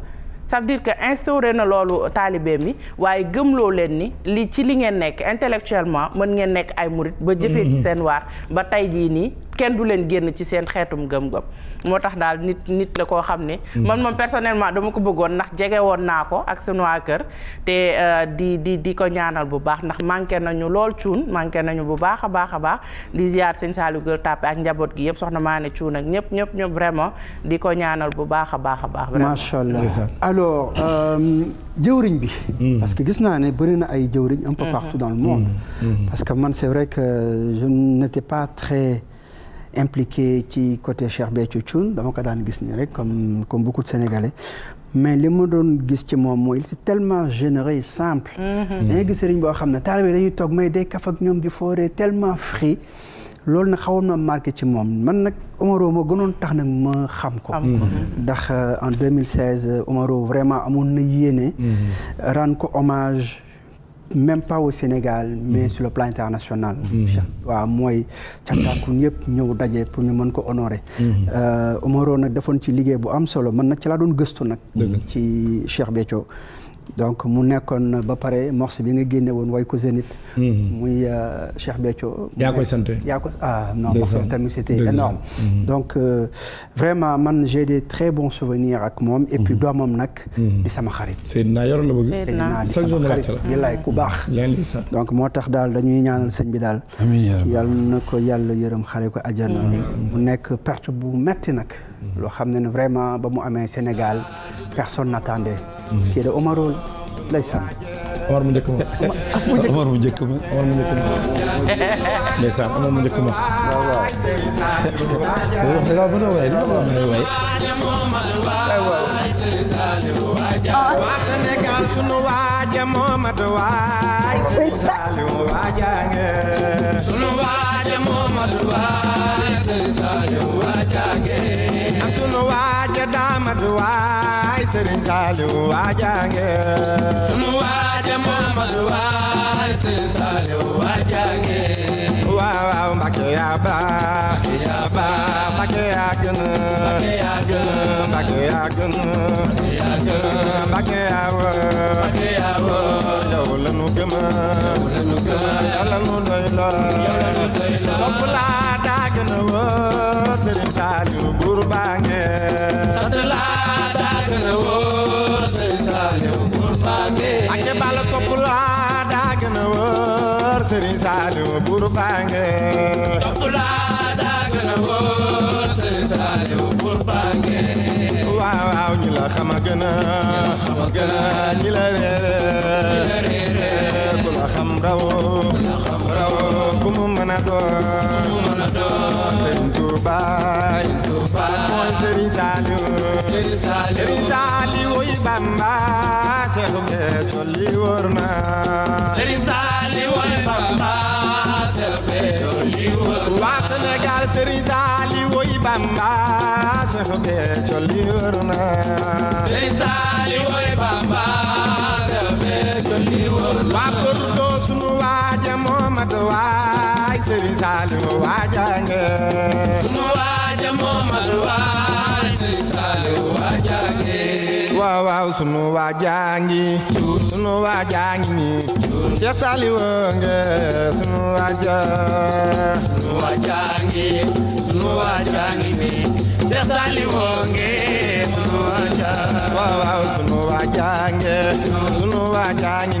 [SPEAKER 4] ça veut dire que instauré na loolu taalibee mi waaye gëmloo leen ni li ci li ngeen nekk intellectuellement mën ngeen nekk ay murit ba jëfee ci seen waar ba tey jii nii kenn du leen génn ci seen xeetum gëm-gëm moo tax daal nit nit la koo xam ne mm. man moom personnellement dama ko bëggoon ndax jege woon naa ko ak sunu waa kër te euh, di di di ko ñaanal bu baax ndax manqué nañu lool cuun manqué nañu bu baax a baax a baax di ziar sëñ Saliou Gueye Tapé ak njaboot gi yëpp soxna maa ne cuun ak ñëpp ñëpp ñëpp vraiment di ko ñaanal bu baax a baax a baax macha allah alors
[SPEAKER 3] euh, jëwriñ bi mm. parce que gis naa ne bëri na ay jëwriñ un peu mm-hmm. partout dans le monde mm-hmm. parce que man c'est vrai que je n'étais pas très impliqué qui côté Cheikh comme beaucoup de Sénégalais mais les modes doon il tellement généreux et simple mhm. dangay tellement frais. loolu na xawoon ma marqué ci moom man Omaro gënoon en 2016 Omaro vraiment mhm. hommage même pas au Sénégal mais mhm. sur le plan international à mhm. mooy càkkaakun yëpp ñëw daje pour ñu ko honorer mhm. euh, Omaro nag defoon ci liggéey bu am solo man la ci laa doon gëstu nag ci Cheikh Béthio donc mu nekkoon ba pare morceau bi nga way ko mhm. euh, Cheikh ah non c'était énorme mhm. donc euh, vraiment j'ai des très bons souvenirs avec moi et puis mhm. doomam nag. di sama xarit. la bëgg. ku donc moo tax dañuy ñaanal sëñ bi daal. yàlla ko mu nekk perte bu vraiment ba Sénégal. personne n'attendait. kii de Omarul ndeysaan. Omar mu njëkk ma Omar mu njëkk ma Omar mu njëkk
[SPEAKER 2] ma
[SPEAKER 6] ndeysaan Omar mu njëkk ma. waaw waaw. wax dëgg yàlla bu doon waay lu doon waay waay. sunu waaja daamadu waay. Serigne Saliou waajange sunu waaja Mamadu waay Serigne Saliou waajange waaw waaw Mbàkke yaa baax Mbàkke yaa baax Mbàkke yaa gën Mbàkke yaa gën Mbàkke yaa gën Mbàkke yaa wër yaa wër yow la laa daa gën a wër Serigne Saliou buur baa nge topp laa daa gën a wóor sëriñ Saaliw buur baa nge waaw waaw ñi la xama gën a xama gën a ñi la réere ku la xam raw ku mu mën a doon sunu waa jaangi sunu waa jaangi ni Cheikh Saliou nge i waa jaa sunu waa jaangi sunu waa jaangi ni Cheikh Saliou nge sunu waa jaa waaw sunu waa jaangi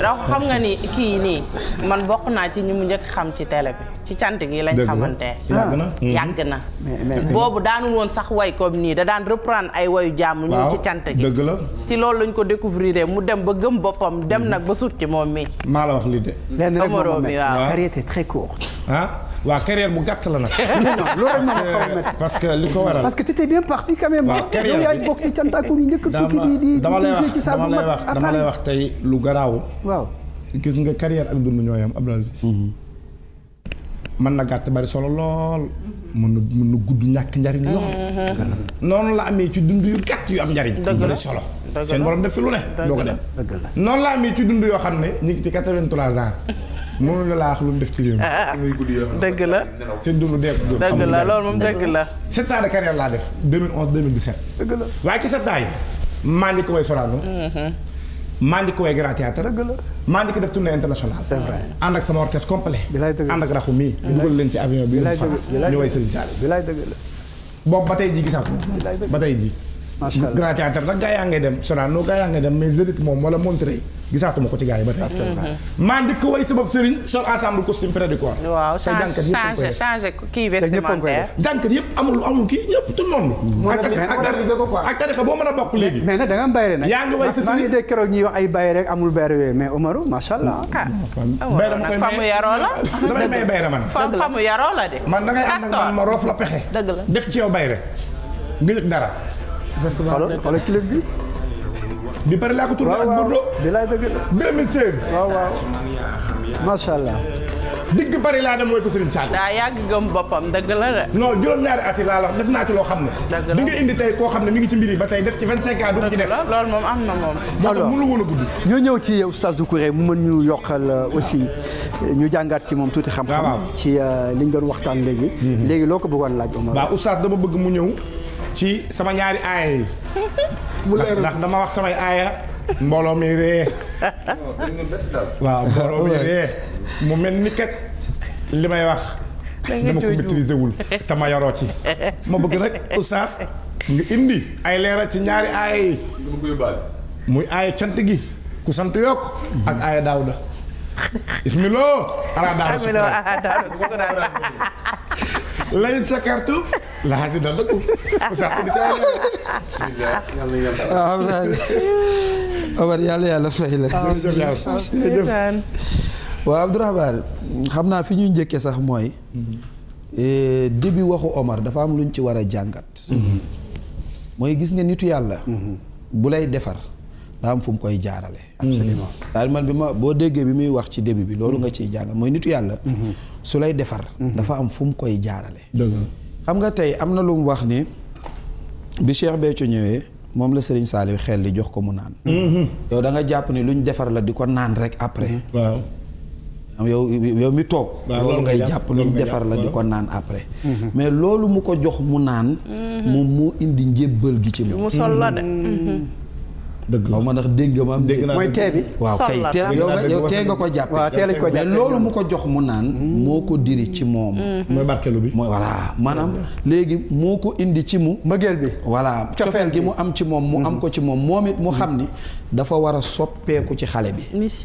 [SPEAKER 4] raw xam nga ni kii nii man bokk naa ci ñi mu njëkk xam ci télé bi ci cant gi lañ xamante yàgg na
[SPEAKER 2] hmm. boobu
[SPEAKER 4] daanul woon sax way comme nii da daan reprendre ay wayu jàmm ñun ci cant gi dëgg la ci loolu lañ ko découvrir mu dem ba gëm boppam dem nag ba sut ci moom mi maa
[SPEAKER 1] la wax li de. lenn rek ma métti waaw variété très courte ah waaw carrière bu gàtt la nag. parce que li ko waral. parce que t'étais bien parti quand même. waaw carrière yaay
[SPEAKER 3] bokk dama lay wax dama lay wax dama lay wax
[SPEAKER 1] tey lu garaaw. gis nga carrière ak dund ñooy am Abdou Aziz. mën na gàtt bari solo lool. mën na mën na gudd ñàkk njariñ noonu la amee ci dund yu gàtt yu am njariñ. bari solo. seen borom def fi lu ne. doo ko dem noonu la amee ci dund yoo xam ne ñu ngi ci 83 ans. mënu la laa wax def ci réew mi. Ah, ah. dëgg la. seen dundu dee ko dëgg la loolu moom dëgg la. sept ans de carrière laa def 2011 2017. dëgg la waaye ci sept yi. maa ko way Sorano. Mm-hmm. maa ngi ko way Grand Théâtre. dëgg la maa ko def tournée internationale. c'est ak sama orchestre complet. bilaay dëgg la ànd ak raxu mii. Mm-hmm. dugal leen ci avion bi yóbbu France ñu way Serigne Sall. bilaay boobu ba tey jii gisaat ma macha allah grand théâtre nag gaa yaa ngay dem Sorano gaa mm-hmm. a nag da nga ah, ah, ma koy
[SPEAKER 4] damay may bayre man. famu yaroo la de. man da ngay am nag man ma roof la pexe. dëgg la
[SPEAKER 1] def ci yow bayre nga yëg dara xoolal clip bi. bi laa ko tourné ak Bordeaux. bi laay dëgg 2016. waaw waaw macha allah. digg Paris laa dem mooy ko Serigne
[SPEAKER 4] Sall. daa yàgg gëm boppam dëgg
[SPEAKER 1] la de. non juróom-ñaari at yi laa la def naa ci loo xam ne. bi nga indi tey koo xam ne mi ngi ci mbir yi ba tey def ci 25 ans
[SPEAKER 4] du ci def. loolu moom am na moom. alors
[SPEAKER 3] mënu woon a gudd. ñoo ñëw ci Oustaz Doucouré mu mën ñu yokkal euh, aussi ñu jàngaat ci moom tuuti xam-xam. ci euh, liñ doon waxtaan léegi. Mhm. léegi
[SPEAKER 1] loo ko bëggoon laaj Omar. waaw Oustaz dama bëgg mu ñëw. ci sama ñaari aaya yi. ndax dama wax samay aaya mbooloo mi ree. mu mel ni li may wax.
[SPEAKER 2] dama ko maîtriser
[SPEAKER 1] wul te ma yoroo ci. ma bëgg nag oustaz nga indi ay leeral ci ñaari aaya yi. muy aaya cant gi ku sant yokk. ak mhm. aaya daawuda. ismiloo. ala daawuda layin sa kartu laxaasi na la ko
[SPEAKER 5] Omar yàlla yàlla la xam naa fi ñuy njëkkee sax mooy e, début waxu Omar dafa am lu ñu ci war a jàngat mm-hmm. mooy gis nga nitu yàlla bu lay defar daa am fu mu koy jaarale daal man bi ma boo déggee bi muy wax ci début bi loolu nga ciy jàng mooy nitu yàlla su lay defar dafa am fu mu koy jaarale xam nga tey am na lu wax ni bi Cheikh Béthio ñëwee moom la Serigne Saliou xel li jox ko mu naan yow da jàpp ni lu ñu defar la di ko naan rek après yow yow mi toog jàpp defar la di naan après mhm. mais loolu mu ko jox mu naan mhm. moom moo indi njébbal gi ci mu sol la de
[SPEAKER 2] mm. mhm.
[SPEAKER 5] dëgg ma ndax dégg nga ma am. naa mooy bi. waaw kay teel yow tee nga ko jàppee. waaw teel ko jàppee loolu mu ko jox mu naan. Mm. moo ko diri ci moom. Mm. mooy barkeelu bi. mooy voilà maanaam léegi moo ko indi ci mu. mbëggeel bi voilà cofeel gi mu am ci moom. mu am mm. ko ci moom moom it mu xam ni. dafa war a soppeeku ci xale bi.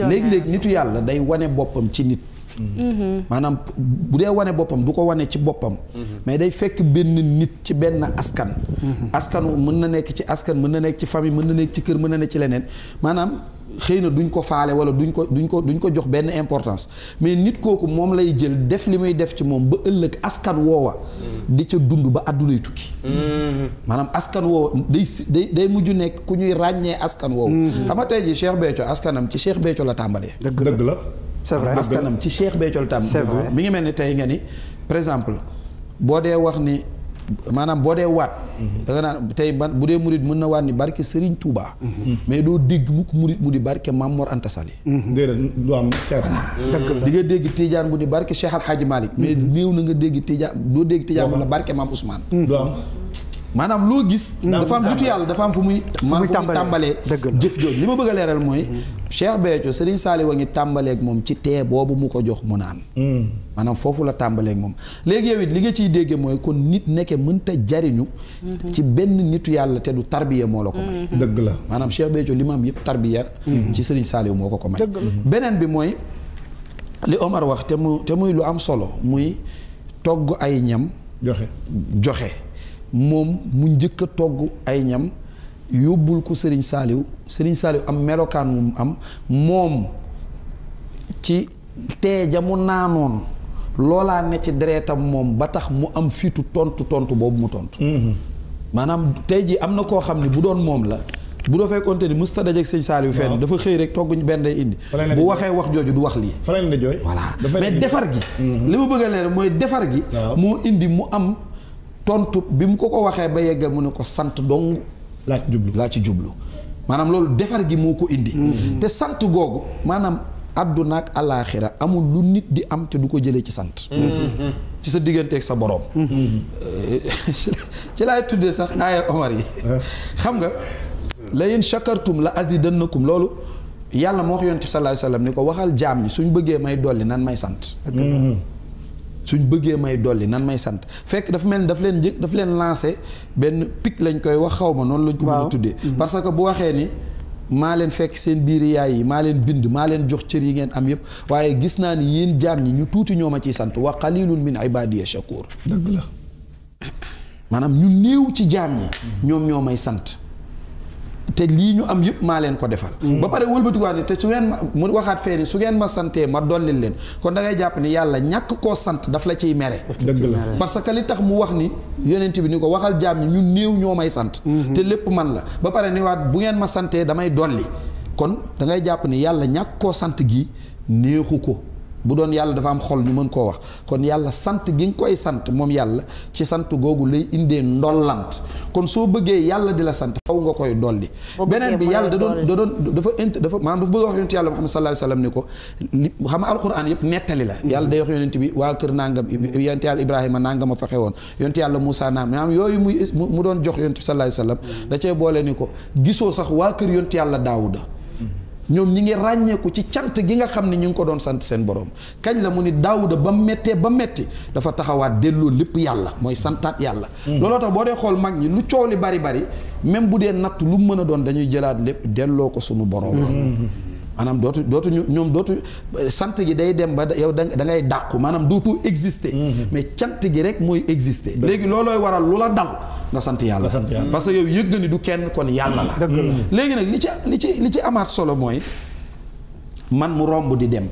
[SPEAKER 5] léegi léegi nitu yàlla day wane boppam ci nit.
[SPEAKER 2] Mm-hmm.
[SPEAKER 5] maanaam bu dee wane boppam du ko wane ci boppam mm-hmm. mais day fekk benn nit ci benn askan mm-hmm. askan mën na nekk ci askan mën na nekk ci famille mën na nekk ci kër mën na nekk ci leneen maanaam xëy na duñ ko faale wala duñ ko duñ ko duñ ko jox benn importance mais nit kooku moom lay jël def li muy def ci moom ba ëllëg askan woowa di ca dund ba àddunay tukki maanaam askan woowa day day day mujj nekk ku ñuy ràññee askan woowu xam ji Cheikh Béthio askanam ci Cheikh Béthio la tàmbalee dëgg la c'est vrai askanam ci Cheikh Béthio tam mi ngi mel ni tey nga ni par exemple boo dee wax ni maanaam boo dee waat da nga naan tey ban bu dee murit mën na waat ni barke Serigne Touba mais doo dégg mukk murit mu di barke Maam Mor Anta Sali mm-hmm. déedéet du am di nga dégg tiijaan bu di barke Cheikh Al Hadji Malick mais mm-hmm. néew na nga dégg Tidiane doo dégg Tidiane bu la barke Maam Ousmane du am maanaam loo gis dafa am nitu yàlla dafa am fu muy man fu muy tàmbalee jëf jooju li ma bëgg a leeral mooy Cheikh Béthio Serigne Saliou a ngi tàmbaleek moom ci tee boobu mu ko jox mu naan hmm. maanaam foofu la tàmbaleek moom léegi yow it li nga ciy déggee mooy kon nit nekke mënta jariñu hmm. ci benn nitu yàlla te du tarbiya moo la ko may hmm. dëgg la maanaam Cheikh Béthio li ma am yëpp tarbiya ci Serigne Saliou moo ko ko may beneen bi mooy li Omar wax te mu te muy lu am solo muy togg ay ñam joxe moom mu njëkk a togg ay ñam yóbbul ko Serigne Saliou Serigne Saliou am melokaan mu am moom ci tee ja mu naanoon loolaa ne ci dereetam moom ba tax mu am fitu tontu tontu boobu mu tontu. Mm-hmm. maanaam tey jii am na koo xam ne bu doon moom la. bu doo fekkoonte ni musta dajeeg sëñ Saliou fenn dafa xëy rek togguñ benn day indi bu waxee wax jooju du wax lii voilà mais defar gi mm-hmm. li ma bëgg leer mooy defar gi moo indi mu am tontu bi mu ko ko waxee ba yeggal mu ne ko sant dong laa ci jublu laa ci jublu maanaam loolu defar gi moo ko indi mm-hmm. te sant googu maanaam àdduna ak alaaxira amul lu nit di am te du ko jëlee ci sant mm-hmm. ci sa digganteeg sa boroom mm-hmm. ci laay tuddee sax aaya Omar yi xam nga la yéen shakartum la azidannakum loolu yàlla moo wax yonent bi sallallahu alayhi wasallam ni ko waxal jaam su ñu bëggee may dolli nan may sant suñ bëggee may dolli nan may sant fekk dafa mel ni daf leen njëkk daf leen lancé benn pic lañ koy wax xaw ma noonu lañ ko mën a tuddee mm-hmm. parce que bu waxee ni maa leen fekk seen biir yaay yi maa leen bind maa leen jox cër yi ngeen am yëpp waaye gis naa ni yéen jaam ñi ñu tuuti ñoo ma ciy sant wa qalilun ne ibadiya shakur dëgg la maanaam ñu néew ci jaam ñi ñoom ñoo may sant te lii ñu am yëpp maa leen ko defal mm. ba pare wëlbatikuwaat ne te su ngeen ma mu waxaat fee ni su ngeen ma santee ma dollil leen kon dangay jàpp ni yàlla ñàkk koo sant daf la ciy mere dëgg parce que li tax mu wax ni yonent bi ni ko waxal jaam yi ñu néew ñoo may sant mm-hmm. te lépp man la ba pare ni waat bu ngeen ma santee damay dolli kon da ngay jàpp ni yàlla ñàkk koo sant gi néexu ko bu doon yàlla dafa am xol ñu mën koo wax kon yàlla sant gi nga koy sant moom yàlla ci sant googu lay indee ndollant kon soo bëggee yàlla di la sant faw nga koy dolli beneen bi yàlla da doon da doon dafa int dafa maanaam dafa bëgg wax yonent yàlla Muhammad sallallahu alayhi wasallam ni ko xam nga alquran nettali la hmm. yàlla day wax yonent bi waa kër nangam yonent yàlla Ibrahima ma faxe woon yonent yàlla Moussa naam maanaam yooyu muy mu doon jox yonent bi sallallahu alayhi wasallam hmm. da cee boole ni ko gisoo sax waa kër yonent yàlla Daawuda ñoom ñi ngi ràññeeku ci cant gi nga xam ne ñu ngi ko doon sant seen borom kañ la mu ni daawuda ba méttee ba métti dafa taxawaat delloo lépp yàlla mooy santaat yàlla hmm. looloo tax boo dee xool mag ñi lu coow li bari bari même bu dee natt lu mën a doon dañuy jëlaat lépp delloo ko sunu borom hmm. maanaam dootu dootu ñoom dootu sant gi day dem ba yow da ngay dàqu maanaam dootu exister. Mm-hmm. mais cant gi rek mooy exister. léegi loolooy waral lu la dal nga sant yàlla. parce que yow yëg nga du kenn kon yàlla la. Mm. léegi nag li ci li ci li ci amaat solo mooy man mu romb di dem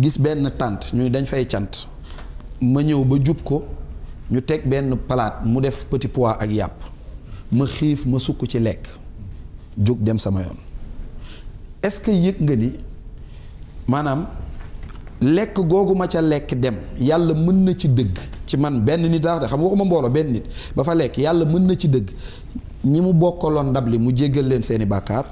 [SPEAKER 5] gis benn tànt ñu dañ fay cant ma ñëw ba jub ko ñu teg benn palaat mu def petit pois ak yàpp ma xiif ma sukk ci lekk jóg dem sama yoon. est-ce que yëg nga ni maanaam lekk googu ma ca lekk dem yàlla mën na ci dëgg ci man benn nit daa xam waxuma mbooloo benn nit ba fa lekk yàlla mën na ci dëgg ñi mu bokkaloon ndab li mu jéggal leen seeni bàkkaar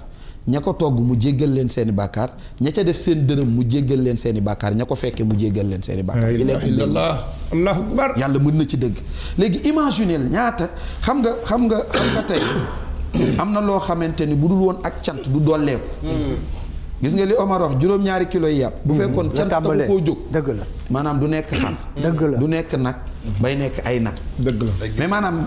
[SPEAKER 5] ña ko togg mu jéggal leen seeni bàkkaar ña ca def seen dërëm mu jéggal leen seeni bàkkaar ña ko fekkee mu jéggal leen seeni bàkkaar yàlla mën na ci dëgg léegi ñaata xam nga xam nga xam nga tey am na loo xamante ni bu dul woon ak cant du dolleeku. gis nga li Omar wax juróom-ñaari kilo yi yàpp bu hmm. fekkoon cant taxu koo jóg maanaam du nekk xar hmm. dëgg du nekk nag bay nekk ay nag dëgg la mais maanaam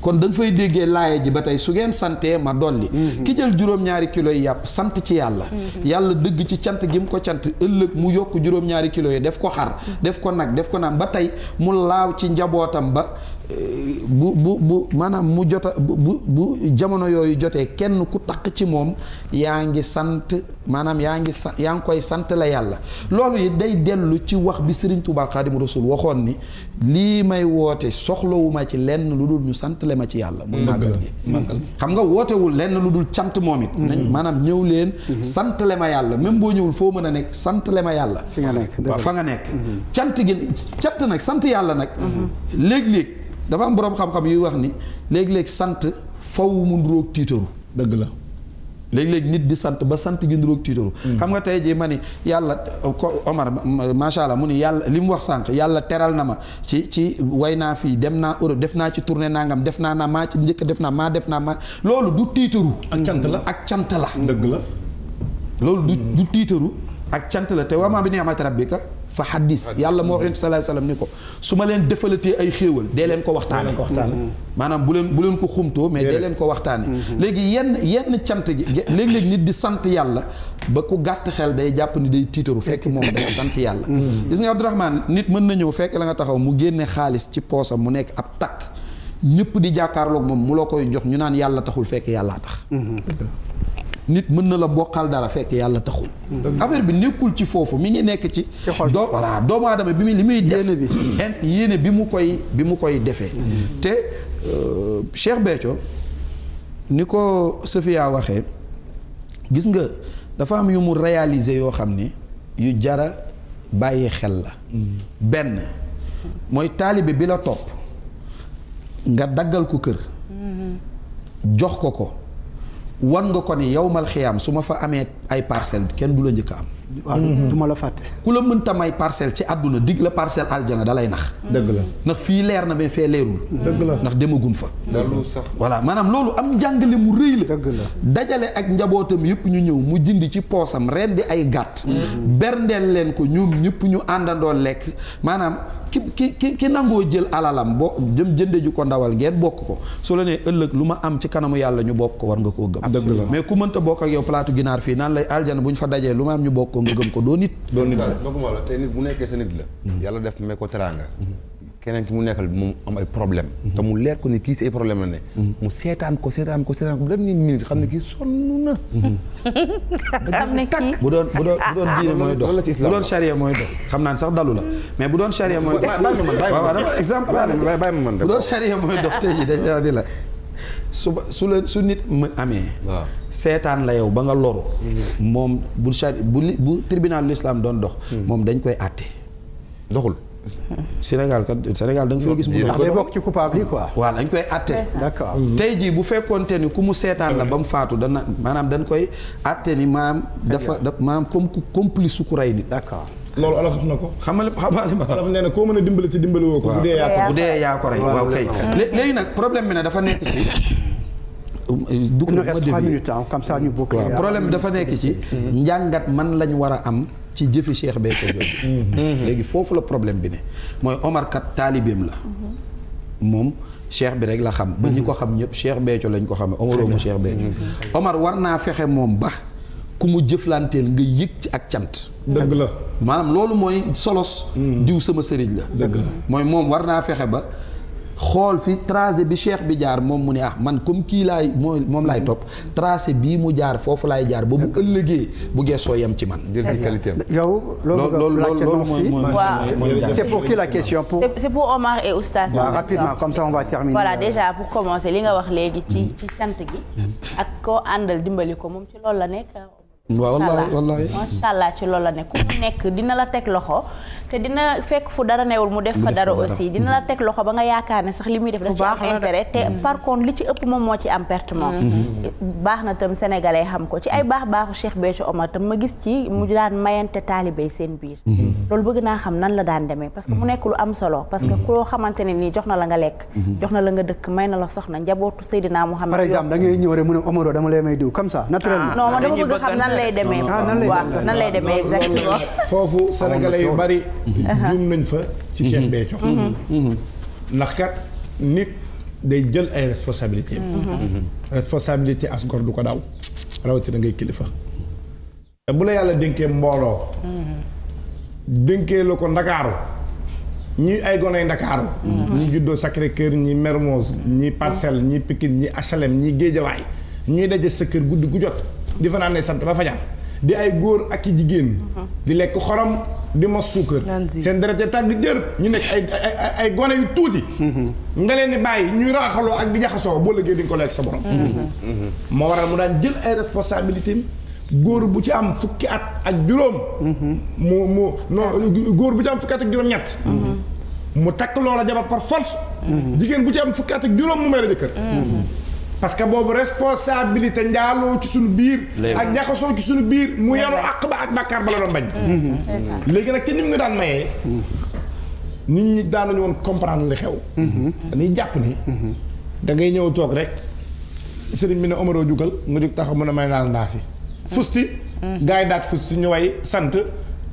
[SPEAKER 5] kon da fay déggee laaye ji ba tey su ngeen santee ma dolli hmm. ki jël juróom-ñaari kilo yi yàpp sant ci yàlla yàlla dëgg ci cant gi mu ko cant ëllëg mu yokk juróom-ñaari kilo yi def ko xar def ko nag def ko naan ba tey mu laaw ci njabootam ba bu bu bu maanaam mu jota bu bu jamono yooyu jotee kenn ku taq ci moom yaa ngi sant maanaam yaa ngi sant yaa ngi koy sant la yàlla loolu it day dellu ci wax bi Serigne Touba Xaadimu Rasul waxoon ni lii may woote soxlawuma ci lenn lu dul ñu sant le ma ci yàlla muy xam nga wootewul lenn lu dul cant moom it mhm. nañ maanaam ñëw leen mhm. sant le yàlla même boo ñëwul foo mën a nekk sant le ma yàlla fa nga nekk mhm. cant gi cant nag sant yàlla nag léeg-léeg dafa am boroom xam-xam yuy wax ni léeg-léeg sant faw mu nuroog tiitaru dëgg la léeg-léeg nit di sant ba sant gi nuroog tiitaru mm. xam nga tey jii ma ni yàlla ko Omar macha allah mu ni yàlla li mu wax sànq yàlla teral na ma ci ci way naa fii dem naa Europe def naa ci tournée nangam def naa na maa ci njëkk def naa maa def naa maa loolu du tiitaru ak cant la ak cant la dëgg la loolu du du tiitaru ak cant la te wamaa bi ni'mati rabbika fa xaddis yàlla moo wax yonent salaay salaam ni ko su ma leen defalatee ay xéewal dee leen ko waxtaane maanaam bu leen bu leen ko xumtoo mais dee leen ko waxtaane mm-hmm. léegi yenn yenn cant gi léeg-léeg nit di sant yàlla ba ku gàtt xel day jàpp ni day tiitaru fekk moom day sant yàlla mm-hmm. gis nga Abdourahmane nit mën na ñëw fekk la nga taxaw mu génne xaalis ci poosam mu nekk ab takk ñëpp di jàkkaarloog moom mu la koy jox ñu naan yàlla taxul fekk yàllaa tax
[SPEAKER 2] mm-hmm.
[SPEAKER 5] nit mën na la bokal dara fekk yàlla taxul. affaire bi nekul ci fofu mi ngi nek ci. do wala do mo aadama bi mi li def yene bi. mu koy bi mu koy defé te Cheikh Béthio niko Sofia waxé gis nga dafa am yu mu réaliser yo xamné yu jara baye xel la. ben moy talibé bi la top nga daggal ko kër. jox ko ko. wan nga ko ni yowmal xiyaam su ma fa amee ay parcelle kenn du la njëkk am waaw mhm. du ma la fàtte. ku la mënta may parcelle ci àdduna dig la parcelle aljana da lay nax. dëgg la ndax fii leer na mais fee leerul. dëgg la ndax demagun fa. loolu voilà maanaam loolu am njàngale mu rëy la. la dajale ak njabootam yëpp ñu ñëw mu jindi ci poosam ren di ay gàtt. Mhm. berndeel leen ko ñoom ñëpp ñu àndandoo lekk maanaam. ki ki ki nangoo jël alalam boo jëm jënde ju ko ndawal ngeen bokk ko su la nee ëllëg lu ma am ci kanamu yàlla ñu bokk ko war nga koo gëm. la mais ku mënta bokk ak yow palaatu ginaar nga gëm ko doo nit. doo nit bu nekkee sa nit la. yàlla def mee ko teraanga. keneen ki mu nekkal moom am ay problème te mu leer ko ni kii si ay problème la ne. mu seetaan ko seetaan ko seetaan ko bu demee nii minute xam ne kii sonn na.
[SPEAKER 2] xam ne kii bu
[SPEAKER 5] doon bu doon bu doon diine mooy dox bu doon charia mooy dox xam naa sax dalu la mais bu doon charia mooy dox. waaw waaw dama exemple. bàyyi ma man bu doon tey jii dañ di la. suba su la su nit mu amee. waaw seetaan la yow ba nga loru. Mm-hmm. moom bu chari bu li bu tribunal l'islam doon dox. Mm-hmm. moom dañ koy àtte. doxul. Sénégal kat Sénégal da nga fa gis. mu dox bokk ci coupable yi quoi. waaw dañ koy àtte. d'accord mm-hmm. tey jii bu fekkoonte ni ku mu seetaan la ba mu faatu dana maanaam dañ koy àtte ni maanaam. dafa daf maanaam comme ku complice su ku rey nit. d'accord.
[SPEAKER 1] loolu alaf wax na ko xamal xamal ma alaf na koo a dimbali te dimbali woo ko bu dee yaa ko bu dee yaa ko
[SPEAKER 5] rey waaw kay léegi nag problème bi nag dafa nekk ci
[SPEAKER 1] dugg na trois
[SPEAKER 5] minutes comme ça ñu bokk waaw problème dafa nekk ci mm-hmm. Mm-hmm. njàngat man lañ war a am ci jëfi Cheikh Béthio Thioune mm-hmm. léegi foofu la problème bi ne mooy omarkat kat taalibeem la moom cheikh bi rek la xam ba ñi ko xam ñëpp Cheikh Béthio lañ ko xamee Omar mu Cheikh Béthio Omar war naa fexe moom ba ku mu jëflanteel nga yëg ci ak cant dëgg la maanaam loolu mooy solos diw sama sëriñ la dëgg la mooy moom war naa fexe ba xool fi tracé bi cheikh bi jaar moom mu ne ah man comme kii laay moo moom laay topp tracé bii mu jaar foofu laay jaar ba bu ëllëgee bu geesoo yam ci man.
[SPEAKER 3] yow loolu loolu loolu mooy mooy c'est pour qui la question pour. c'est pour rapidement comme ça on va terminer. voilà déjà
[SPEAKER 4] pour commencer li nga wax léegi ci ci cant gi. ak koo àndal dimbali ko moom ci loolu la nekk.
[SPEAKER 5] waaw wallaay wallaay macha
[SPEAKER 4] allah ci loolu la nekk ku mu nekk dina la teg loxo. te dina fekk fu dara newul mu def fa dara aussi dina la teg loxo ba nga yaakaar ne sax li muy def daf ci am intérêt te mm-hmm. par li ci ëpp moom moo ci am mm-hmm. Mm-hmm. baax na tam sénégalais xam ko ci ay baax baaxu Cheikh Béthio Omar tam ma gis ci mu daan mayante taalibéy seen biir loolu bëgg naa xam nan la daan demee parce que mu nekk lu am solo parce que koo xamante ne nii jox na la nga lekk jox na la nga dëkk may na la soxna njabootu Seydina Mouhamed par exemple
[SPEAKER 3] da ngay ñëw rek mu ne Omaro dama lay may diw comme ça naturellement ah, non man
[SPEAKER 4] dama lay demee ah, waaw nan lay demee exactement
[SPEAKER 3] foofu
[SPEAKER 1] sénégalais yu bari Uh-huh. juum nañ fa ci Cheikh uh-huh. Béthio uh-huh. ndax kat nit day jël ay responsabilité responsabilité askor du ko daw rawatina ngay kilifa te bu la yàlla dénkee mbooloo dénkee la ko ndakaaru ñi ay goney ndakaaru ñi juddoo Sacré Cœur ñi Mermoz ñi Parcelles ñi Pikine ñi HLM ñi Géejawaay ñuy daje sa kër guddi gu jot di fanaan ne sant ba fajar di ay góor ak i jigéen di lekk xorom di ma suukar. seen deret tàgg jër ñu nekk ay ay ay gone yu tuuti. nga leen di bàyyi ñuy raaxaloo ak bi jaxasoo boo liggéey di nga ko lekk sa borom. moo waral mu daan jël ay responsabilités góor bu ci am fukki at ak juróom. mu mu non góor bu ci am fukki at ak juróom-ñett. mu takk loola jabar par force. jigéen bu ci am fukki at ak juróom mu may la jëkkër. parce que boobu responsabilité njaaloo ci suñu biir ak jaxasoo ci suñu biir mu yaru àq ba ak bàkkaar ba la doon bañ mm-hmm. Mm-hmm. léegi nag ci nim nga daan mayee mm-hmm. nit ñi daanuñu woon comprendre li xew dañuy jàpp ni da ngay ñëw toog rek sëriñ bi ne Omaro jugal nga jóg taxaw mën a may naal ndaa si fusti gars daat fusti ñu way sant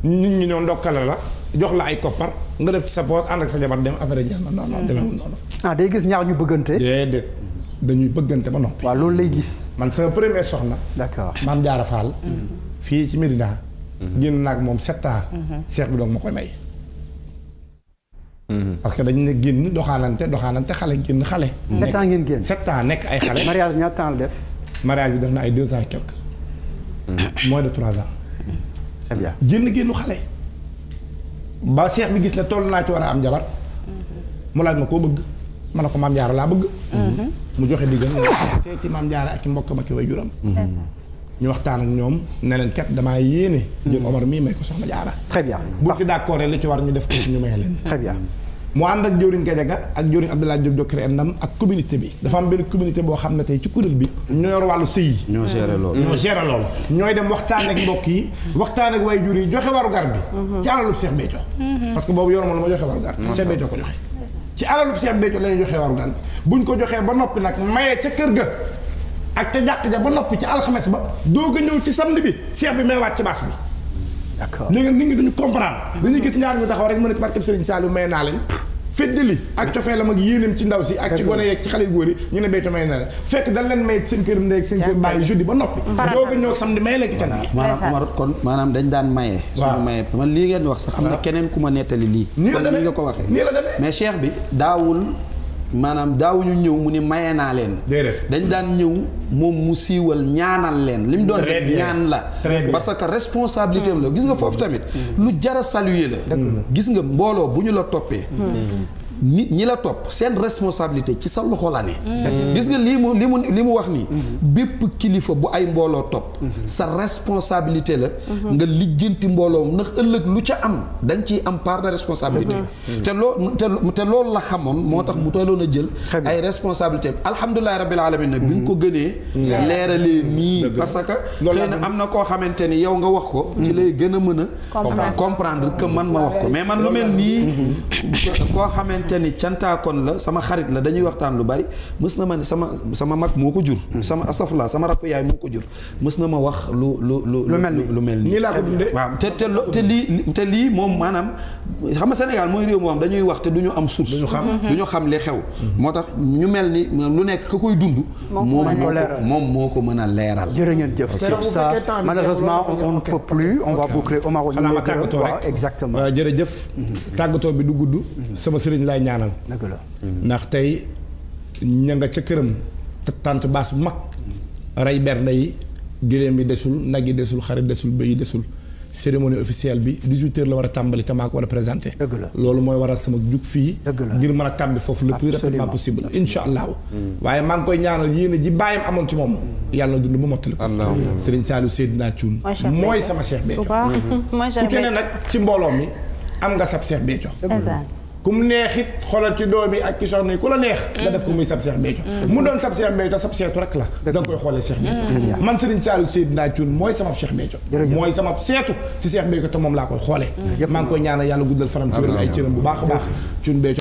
[SPEAKER 1] nit ñi ñoo ndokkale la jox la ay koppar nga def ci sa poos ànd ak sa jabar dem affaire yi non non non demeewul noonu ah gis ñaar ñu bëggante dañuy bëggante ba noppi. waaw loolu lay gis. man sama premier soxna. ma maam Jaara Fall. Mm-hmm. fii ci Medina.
[SPEAKER 2] Mm-hmm.
[SPEAKER 1] génn naag moom sept ans. Mm-hmm. seex bi doog ma koy may. parce que dañ ne génn doxaanante doxaanante xale génn xale. sept nekk ay xale. mariage bi def. bi def na ay deux ans et moins de trois ans. très bien génn génnu xale. ba seex bi gis ne toll naa ci war a am jabar. mu laaj ma koo bëgg. ma ne ko maam jaara laa bëgg. Mhm. mu joxe diggal mu seeti maam jaara ak i mbokkam ak i waajuram mhm. ñu waxtaan ak ñoom ne leen kat damaa yéene. jël Omar mii may ko soxna jaara. très bien bu ci d'accord li ci war ñu def ko ñu may leen. très bien. mu ànd ak jëwriñ Gajaga ak jëwriñ Abdoulaye Diop Diokere ak communauté bi dafa am benn communauté boo xam ne tey ci kuréel bi ñoo yor wàllu sëy yi
[SPEAKER 5] ñoo
[SPEAKER 2] gérer
[SPEAKER 1] ñoo ñooy dem waxtaan ak mbokk yi waxtaan ak waajur yi joxe warugar bi mhm. ci alalu Cheikh Béthio parce que boobu yor lu ma joxe warugar Cheikh Béthio ko joxe ci alalu Cheikh Béthio la ñu joxee bu ñu ko joxee ba noppi nag mayee ca kër ga ak ca jàq ja ba noppi ci alxames ba doog a ñëw ci samedi bi Cheikh bi may waat ci baas bi. d'accord léegi nit ñi duñu comprendre. dañuy gis ñaar ñu taxaw rek mën a barkeb Serigne Saliou may naa leen. feddali ak cofeelam ak yéenam ci ndaw si ak ci gone yeeg ci xale yu góor yi ñu ne béykat may na la fekk dañ leen may seen kër ndey seen kër bàyyi jeudi ba noppi. doo ko ñëw samedi may la ci canal. maanaam
[SPEAKER 5] Omar kon maanaam dañ daan maye. waaw suñu maye man lii ngeen wax sax. am na keneen ku ma nettali lii. nii la demee mais cheikh bi daawul. maanaam daawuñu ñëw mu ne maye naa leen. dañ daan ñëw moom mu siiwal ñaanal leen. li mu doon def ñaan la. parce que responsabilité am la gis nga foofu tamit. Mm. lu jar a saluer la. gis nga mbooloo bu ñu la toppee. Mm. ni ñi la top seen responsabilité ci sa loxo la ne. gis nga lii mu li mu li mu wax nii. bépp kilifa bu ay mbooloo topp. sa responsabilité la. nga lijjanti mbooloo nak ëllëg lu ca am dañ ciy am part de responsabilité. te loo te la xamoon moo tax mu tolloon a jël. ay responsabilité alhamdulilah rabbil alamin nag bi nga le mi leeralee parce que. xëy amna ko xamanteni ni yow nga wax ko. ci lay gëna mëna comprendre que man ma wax ko mais man lu mel ni ko xamanteni xamante ni cantaakoon la sama xarit la dañuy waxtaan lu bari mës na ma ne sama sama mag moo ko jur. Hmm. sama astafurlah sama rakk yaay moo ko jur mës na ma wax lu lu lu. lu mel nii lu mel nii laa ko dundee waaw te te lii te lii moom maanaam xama nga mooy réew moo dañuy wax te du am source. du xam hmm. du ñu xam li xew. Hmm. moo tax ñu mel ni lu nekk ka koy dund. moom moom moo ko mën a leeral.
[SPEAKER 1] jërë ngeen jëf sur ça malheureusement on ne peut on va boucler Omar. xanaa ma tàggatoo rek exactement euh, jëf tàggatoo bi du gudd sama sëriñ laay koy ñaanal. dëgg la ndax tey ña nga ca këram tànt baas bu mag. rey bernde yi gëléem yi desul nag yi desul xarit desul bëy yi desul cérémonie officielle bi 18h la war a tàmbali te maa ko war a présenté. loolu mooy waral sama jug fii. ngir mën a bi foofu le plus ma possible incha allahu. waaye maa koy ñaanal yéen ji bàyyam amoon ci moom. yàlla dund mu mottali ko. alhamdulilah Serigne Saliou Seydina Thioune. mooy sama Cheikh Béthio. Mm-hmm.
[SPEAKER 4] ku keneen nag ci
[SPEAKER 1] mbooloo mi am nga sab Cheikh Béthio. كم نهيت خلاص تدومي أكيسار نيكو لا نه لا دفع كم يساب سير ميتوا مودون ساب سير ميتوا ساب سير تراك لا دفع كم خلاص سير ميتوا من سرين سالو سيد ناجون موي سماب سير ميتوا موي سماب سير تو سير ميتوا تمام لا كم خلاص من كوني أنا يالو قدر فرام كبير أي كلام بباخ باخ جون بيتوا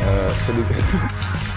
[SPEAKER 1] Uh, salute.